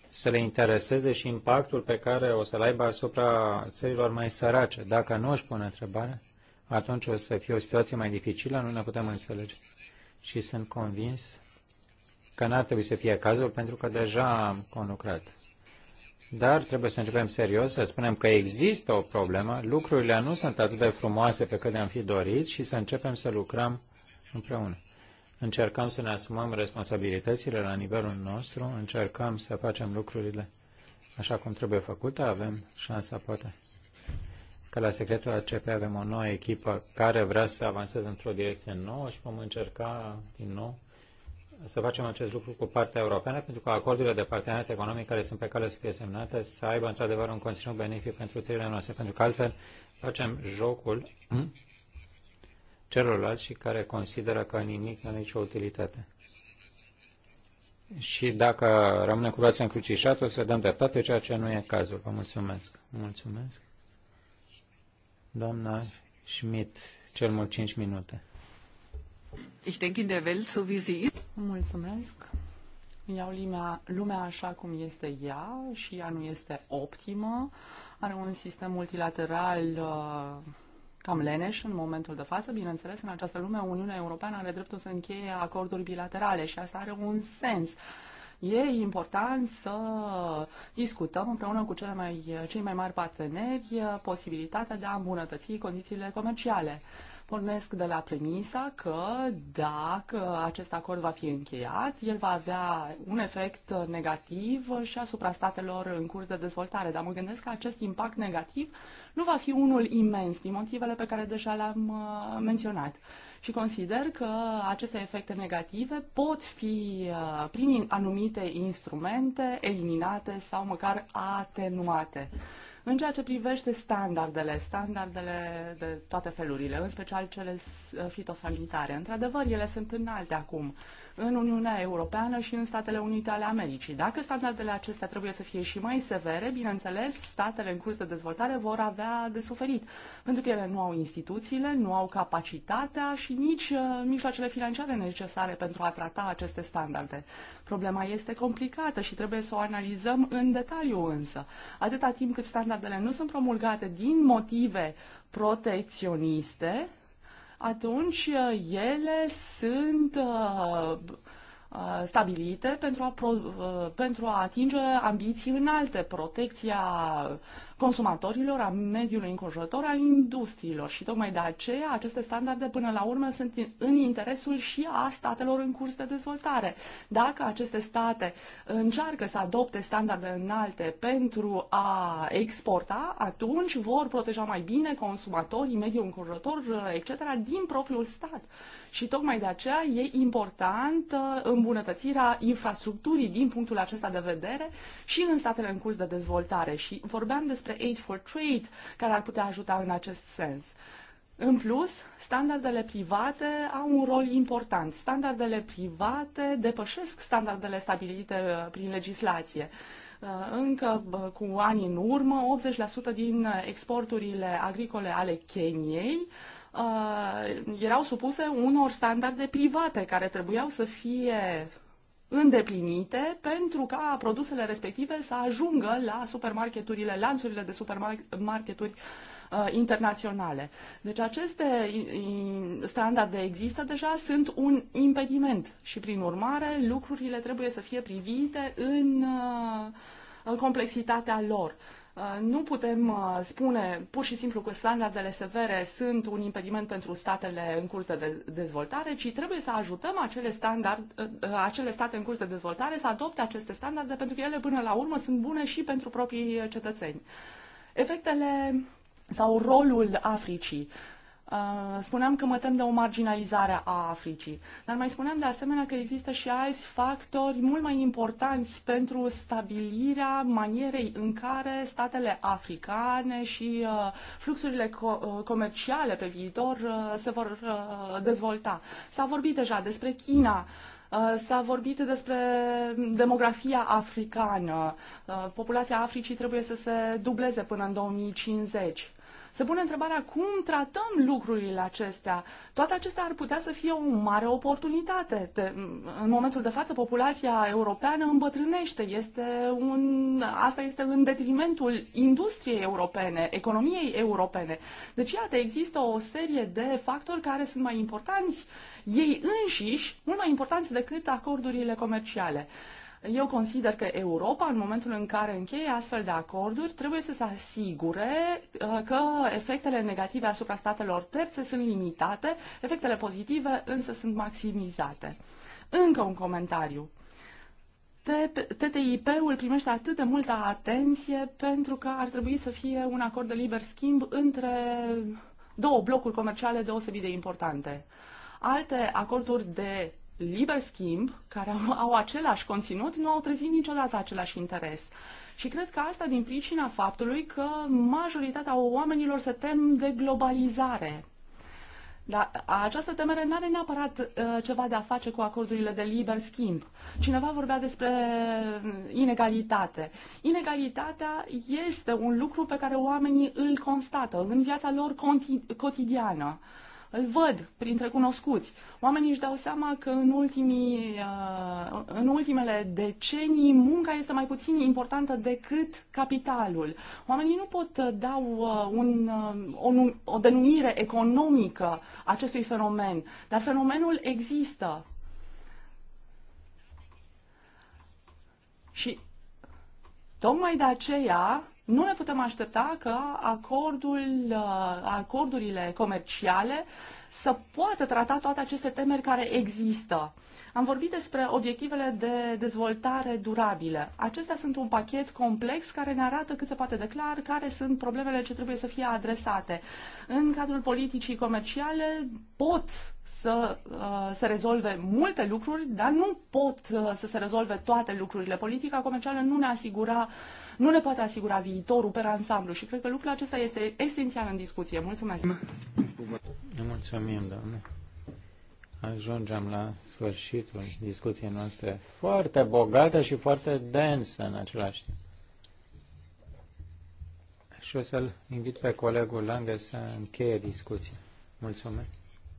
să le intereseze și impactul pe care o să-l aibă asupra țărilor mai sărace. Dacă nu își pun întrebarea, atunci o să fie o situație mai dificilă, nu ne putem înțelege. Și sunt convins că n-ar trebui să fie cazul, pentru că deja am conlucrat. Dar trebuie să începem serios să spunem că există o problemă, lucrurile nu sunt atât de frumoase pe cât ne-am fi dorit și să începem să lucrăm împreună. Încercăm să ne asumăm responsabilitățile la nivelul nostru, încercăm să facem lucrurile așa cum trebuie făcute, avem șansa poate că la secretul ACP avem o nouă echipă care vrea să avanseze într-o direcție nouă și vom încerca din nou să facem acest lucru cu partea europeană, pentru că acordurile de parteneriat economic care sunt pe cale să fie semnate să aibă într-adevăr un conținut benefic pentru țările noastre, pentru că altfel facem jocul celorlalți și care consideră că nimic nu are nicio utilitate. Și dacă rămâne cu brațul încrucișat, o să dăm de toate, ceea ce nu e cazul. Vă mulțumesc. Mulțumesc. Doamna Schmidt, cel mult 5 minute. Ich denke in der Welt so wie sie ist. Mulțumesc. Iau lumea, lumea așa cum este ea și ea nu este optimă. Are un sistem multilateral uh, cam leneș în momentul de față. Bineînțeles, în această lume, Uniunea Europeană are dreptul să încheie acorduri bilaterale și asta are un sens. E important să discutăm împreună cu cele mai, cei mai mari parteneri uh, posibilitatea de a îmbunătăți condițiile comerciale. Pornesc de la premisa că dacă acest acord va fi încheiat, el va avea un efect negativ și asupra statelor în curs de dezvoltare, dar mă gândesc că acest impact negativ nu va fi unul imens din motivele pe care deja le-am uh, menționat. Și consider că aceste efecte negative pot fi, uh, prin anumite instrumente, eliminate sau măcar atenuate. În ceea ce privește standardele, standardele de toate felurile, în special cele uh, fitosanitare, într-adevăr, ele sunt înalte acum în Uniunea Europeană și în Statele Unite ale Americii. Dacă standardele acestea trebuie să fie și mai severe, bineînțeles, statele în curs de dezvoltare vor avea de suferit, pentru că ele nu au instituțiile, nu au capacitatea și nici uh, mijloacele financiare necesare pentru a trata aceste standarde. Problema este complicată și trebuie să o analizăm în detaliu însă. Atâta timp cât standardele nu sunt promulgate din motive protecționiste, atunci uh, ele sunt uh, Uh, stabilite pentru a, pro, uh, pentru a atinge ambiții înalte, protecția consumatorilor, a mediului înconjurător, a industriilor. Și tocmai de aceea aceste standarde până la urmă sunt în interesul și a statelor în curs de dezvoltare. Dacă aceste state încearcă să adopte standarde înalte pentru a exporta, atunci vor proteja mai bine consumatorii, mediul înconjurător, uh, etc., din propriul stat. Și tocmai de aceea e important îmbunătățirea infrastructurii din punctul acesta de vedere și în statele în curs de dezvoltare. Și vorbeam despre Aid for Trade, care ar putea ajuta în acest sens. În plus, standardele private au un rol important. Standardele private depășesc standardele stabilite uh, prin legislație. Uh, încă uh, cu ani în urmă, 80% din exporturile agricole ale Keniei uh, Uh, erau supuse unor standarde private care trebuiau să fie îndeplinite pentru ca produsele respective să ajungă la supermarketurile, lanțurile de supermarketuri uh, internaționale. Deci aceste uh, standarde există deja, sunt un impediment și prin urmare lucrurile trebuie să fie privite în complexitatea lor. Uh, nu putem uh, spune pur și simplu că standardele severe sunt un impediment pentru statele în curs de dezvoltare, ci trebuie să ajutăm acele, standard, uh, acele state în curs de dezvoltare să adopte aceste standarde, pentru că ele până la urmă sunt bune și pentru proprii cetățeni. Efectele sau rolul Africii. Uh, spuneam că mă tem de o marginalizare a Africii, dar mai spuneam de asemenea că există și alți factori mult mai importanți pentru stabilirea manierei în care statele africane și uh, fluxurile uh, comerciale pe viitor se vor dezvolta. S-a vorbit deja despre China, S-a vorbit despre demografia africană. Populația Africii trebuie să se dubleze până în 2050. Se pune întrebarea cum tratăm lucrurile acestea. Toate acestea ar putea să fie o mare oportunitate. Te, în momentul de față, populația europeană îmbătrânește. Este un, asta este în detrimentul industriei europene, economiei europene. Deci, iată, există o serie de factori care sunt mai importanți ei înșiși, mult mai importanți decât acordurile comerciale. Eu consider că Europa, în momentul în care încheie astfel de acorduri, trebuie să se asigure uh, că efectele negative asupra statelor terțe sunt limitate, efectele pozitive însă sunt maximizate. Încă un comentariu. TTIP-ul primește atât de multă atenție pentru că ar trebui să fie un acord de liber schimb între două blocuri comerciale deosebit de importante. Alte acorduri de liber schimb, care au, au același conținut, nu au trezit niciodată același interes. Și cred că asta din pricina faptului că majoritatea oamenilor se tem de globalizare. Dar această temere nu are neapărat uh, ceva de a face cu acordurile de liber schimb. Cineva vorbea despre mm, inegalitate. Inegalitatea este un lucru pe care oamenii îl constată în viața lor cotidiană. Uh, îl văd printre cunoscuți. Oamenii își dau seama că în, ultimii, uh, în ultimele decenii munca este mai puțin importantă decât capitalul. Oamenii nu pot da un, o, o denumire economică acestui fenomen, dar fenomenul există. Și tocmai de aceea nu ne putem aștepta ca acordul, uh, acordurile comerciale să poată trata toate aceste temeri care există. Am vorbit despre obiectivele de dezvoltare durabile. Acestea sunt un pachet complex care ne arată cât se poate de clar care sunt problemele ce trebuie să fie adresate. În cadrul politicii comerciale pot să uh, se rezolve multe lucruri, dar nu pot uh, să se rezolve toate lucrurile. Politica comercială nu ne asigura uh, nu ne poate asigura viitorul pe ansamblu și cred că lucrul acesta este esențial în discuție. Mulțumesc! Mulțumim, doamne! Ajungem la sfârșitul discuției noastre foarte bogată și foarte densă în același timp. Și o să-l invit pe colegul Lange să încheie discuția. Mulțumesc!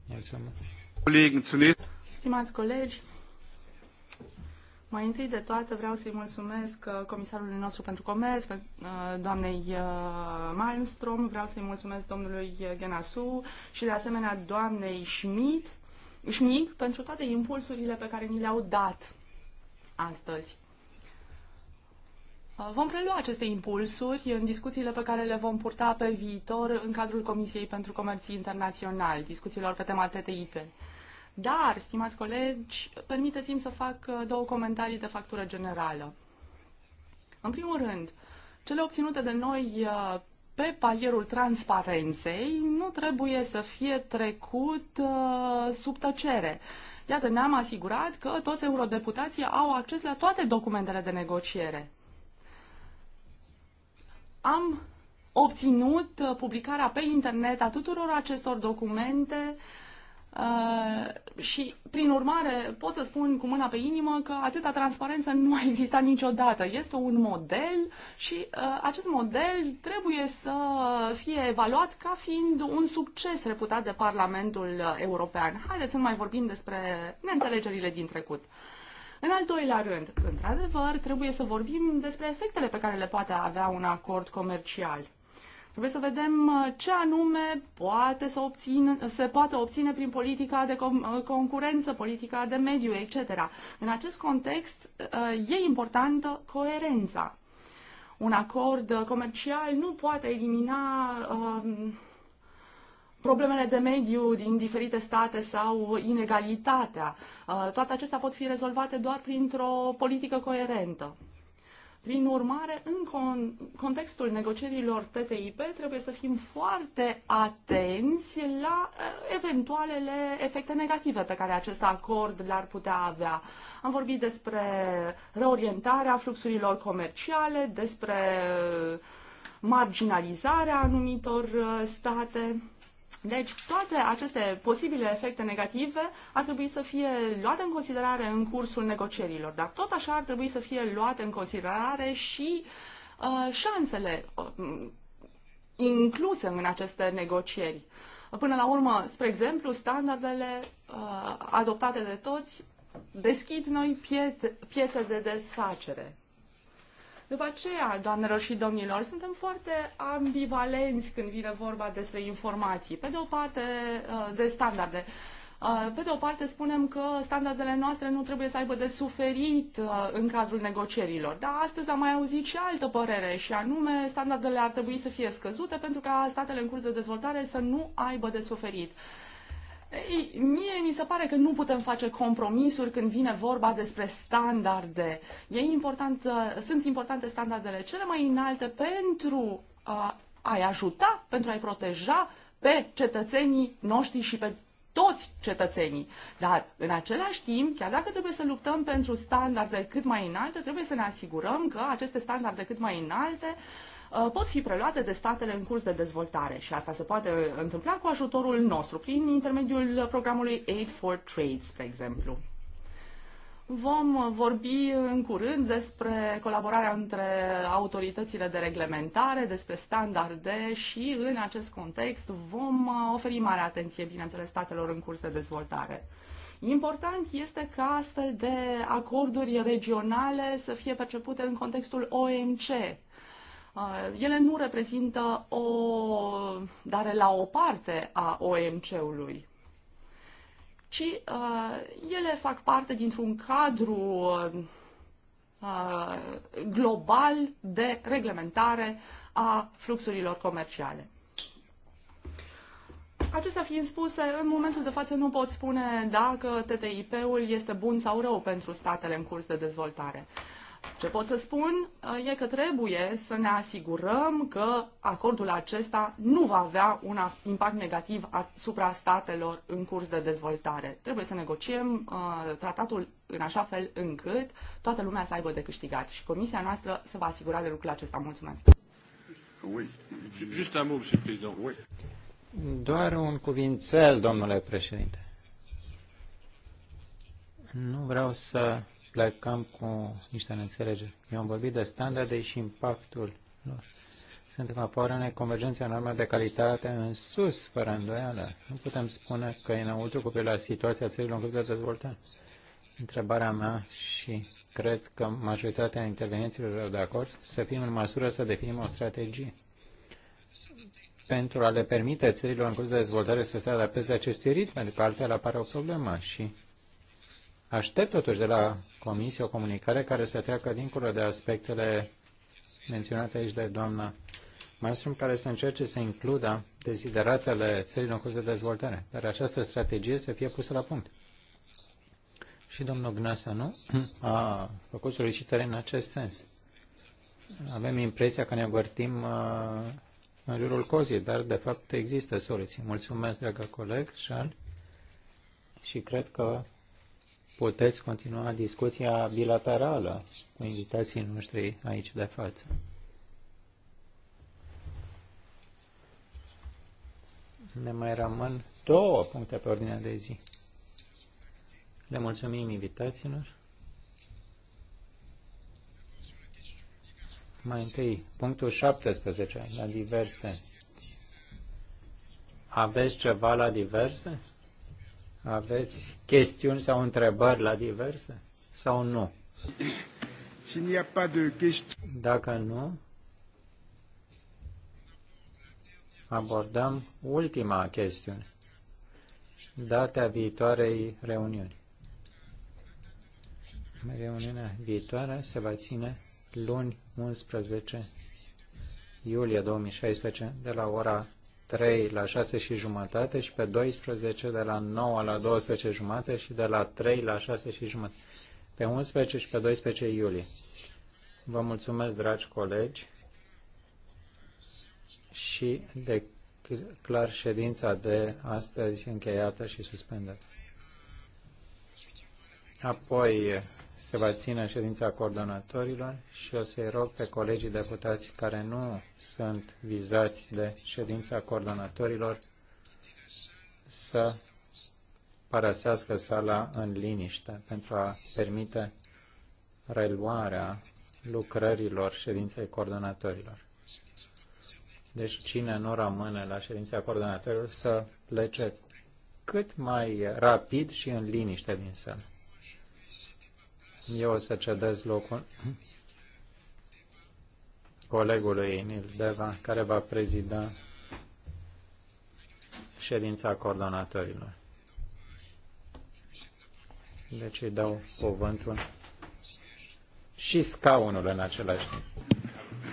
Mulțumesc! Stimați colegi, mai întâi de toate vreau să-i mulțumesc uh, comisarului nostru pentru comerț, uh, doamnei uh, Malmstrom, vreau să-i mulțumesc domnului Genasu și de asemenea doamnei Schmidt, Schmidt pentru toate impulsurile pe care ni le-au dat astăzi. Vom prelua aceste impulsuri în discuțiile pe care le vom purta pe viitor în cadrul Comisiei pentru Comerț Internațional, discuțiilor pe tema TTIP. Dar, stimați colegi, permiteți-mi să fac uh, două comentarii de factură generală. În primul rând, cele obținute de noi uh, pe palierul transparenței nu trebuie să fie trecut uh, sub tăcere. Iată, ne-am asigurat că toți eurodeputații au acces la toate documentele de negociere. Am obținut publicarea pe internet a tuturor acestor documente uh, Uh, și, prin urmare, pot să spun cu mâna pe inimă că atâta transparență nu a existat niciodată. Este un model și uh, acest model trebuie să fie evaluat ca fiind un succes reputat de Parlamentul European. Haideți să nu mai vorbim despre neînțelegerile din trecut. În al doilea rând, într-adevăr, trebuie să vorbim despre efectele pe care le poate avea un acord comercial. Trebuie să vedem uh, ce anume poate să obțin, se poate obține prin politica de uh, concurență, politica de mediu, etc. În acest context uh, e importantă coerența. Un acord comercial nu poate elimina um, problemele de mediu din diferite state sau inegalitatea. Toate acestea pot fi rezolvate doar printr-o politică coerentă. Prin urmare, în con- contextul negocierilor TTIP trebuie să fim foarte atenți la uh, eventualele efecte negative pe care acest acord le-ar putea avea. Am vorbit despre reorientarea fluxurilor comerciale, despre uh, marginalizarea anumitor uh, state. Deci, toate aceste posibile efecte negative ar trebui să fie luate în considerare în cursul negocierilor, dar tot așa ar trebui să fie luate în considerare și uh, șansele uh, incluse în aceste negocieri. Până la urmă, spre exemplu, standardele uh, adoptate de toți deschid noi pie- piețe de desfacere. După aceea, doamnelor și domnilor, suntem foarte ambivalenți când vine vorba despre informații. Pe de o parte, uh, de standarde. Uh, pe de o parte spunem că standardele noastre nu trebuie să aibă de suferit uh, în cadrul negocierilor, dar astăzi am mai auzit și altă părere și anume standardele ar trebui să fie scăzute pentru ca statele în curs de dezvoltare să nu aibă de suferit. Ei, mie mi se pare că nu putem face compromisuri când vine vorba despre standarde. E important, uh, sunt importante standardele cele mai înalte pentru a-i ajuta, pentru a-i proteja pe cetățenii noștri și pe toți cetățenii. Dar, în același timp, chiar dacă trebuie să luptăm pentru standarde cât mai înalte, trebuie să ne asigurăm că aceste standarde cât mai înalte uh, Uh, pot fi preluate de statele în curs de dezvoltare și asta se poate uh, întâmpla cu ajutorul nostru, prin intermediul programului Aid for Trade, spre exemplu. Vom uh, vorbi în curând despre colaborarea între autoritățile de reglementare, despre standarde și în acest context vom oferi mare atenție, bineînțeles, statelor în curs de dezvoltare. Important este ca astfel de acorduri regionale să fie percepute în contextul OMC, Uh, ele nu reprezintă o dare la o parte a OMC-ului, ci uh, ele fac parte dintr-un cadru uh, global de reglementare a fluxurilor comerciale. Acestea fiind spuse, în momentul de față nu pot spune dacă TTIP-ul este bun sau rău pentru statele în curs de dezvoltare. Ce pot să spun uh, e că trebuie să ne asigurăm că acordul acesta nu va avea un impact negativ asupra statelor în curs de dezvoltare. Trebuie să negociem uh, tratatul în așa fel încât toată lumea să aibă de câștigat și comisia noastră se va asigura de lucrul acesta. Mulțumesc! Doar un cuvințel, domnule președinte. Nu vreau să plecăm cu niște neînțelegeri. Eu am vorbit de standarde și impactul lor. Suntem apoi în convergența normelor de calitate în sus, fără îndoială. Nu putem spune că e înăuntru cu la situația țărilor în curs de dezvoltare. Întrebarea mea și cred că majoritatea intervenienților de acord să fim în măsură să definim o strategie pentru a le permite țărilor în curs de dezvoltare să se adapteze acestui ritm, pentru că altfel apare o problemă și Aștept totuși de la Comisie o comunicare care să treacă dincolo de aspectele menționate aici de doamna Maestrum, care să încerce să includă dezideratele țării în curs de dezvoltare, dar această strategie să fie pusă la punct. Și domnul Gnasa, nu? A făcut solicitări în acest sens. Avem impresia că ne uh, în jurul cozii, dar de fapt există soluții. Mulțumesc, dragă coleg, Charles, și cred că puteți continua discuția bilaterală cu invitații noștri aici de față. Ne mai rămân două puncte pe ordinea de zi. Le mulțumim invitațiilor. Mai întâi, punctul 17, la diverse. Aveți ceva la diverse? Aveți chestiuni sau întrebări la diverse sau nu? Dacă nu, abordăm ultima chestiune, data viitoarei reuniuni. Reuniunea viitoare se va ține luni 11 iulie 2016 de la ora 3 la 6 și jumătate și pe 12 de la 9 la 12 jumate și de la 3 la 6 și jumătate pe 11 și pe 12 iulie. Vă mulțumesc, dragi colegi, și de clar ședința de astăzi încheiată și suspendată. Apoi, se va ține ședința coordonatorilor și o să-i rog pe colegii deputați care nu sunt vizați de ședința coordonatorilor să părăsească sala în liniște pentru a permite reluarea lucrărilor ședinței coordonatorilor. Deci cine nu rămâne la ședința coordonatorilor să plece cât mai rapid și în liniște din sală. Eu o să cedez locul colegului Enil Deva, care va prezida ședința coordonatorilor. Deci îi dau cuvântul și scaunul în același timp.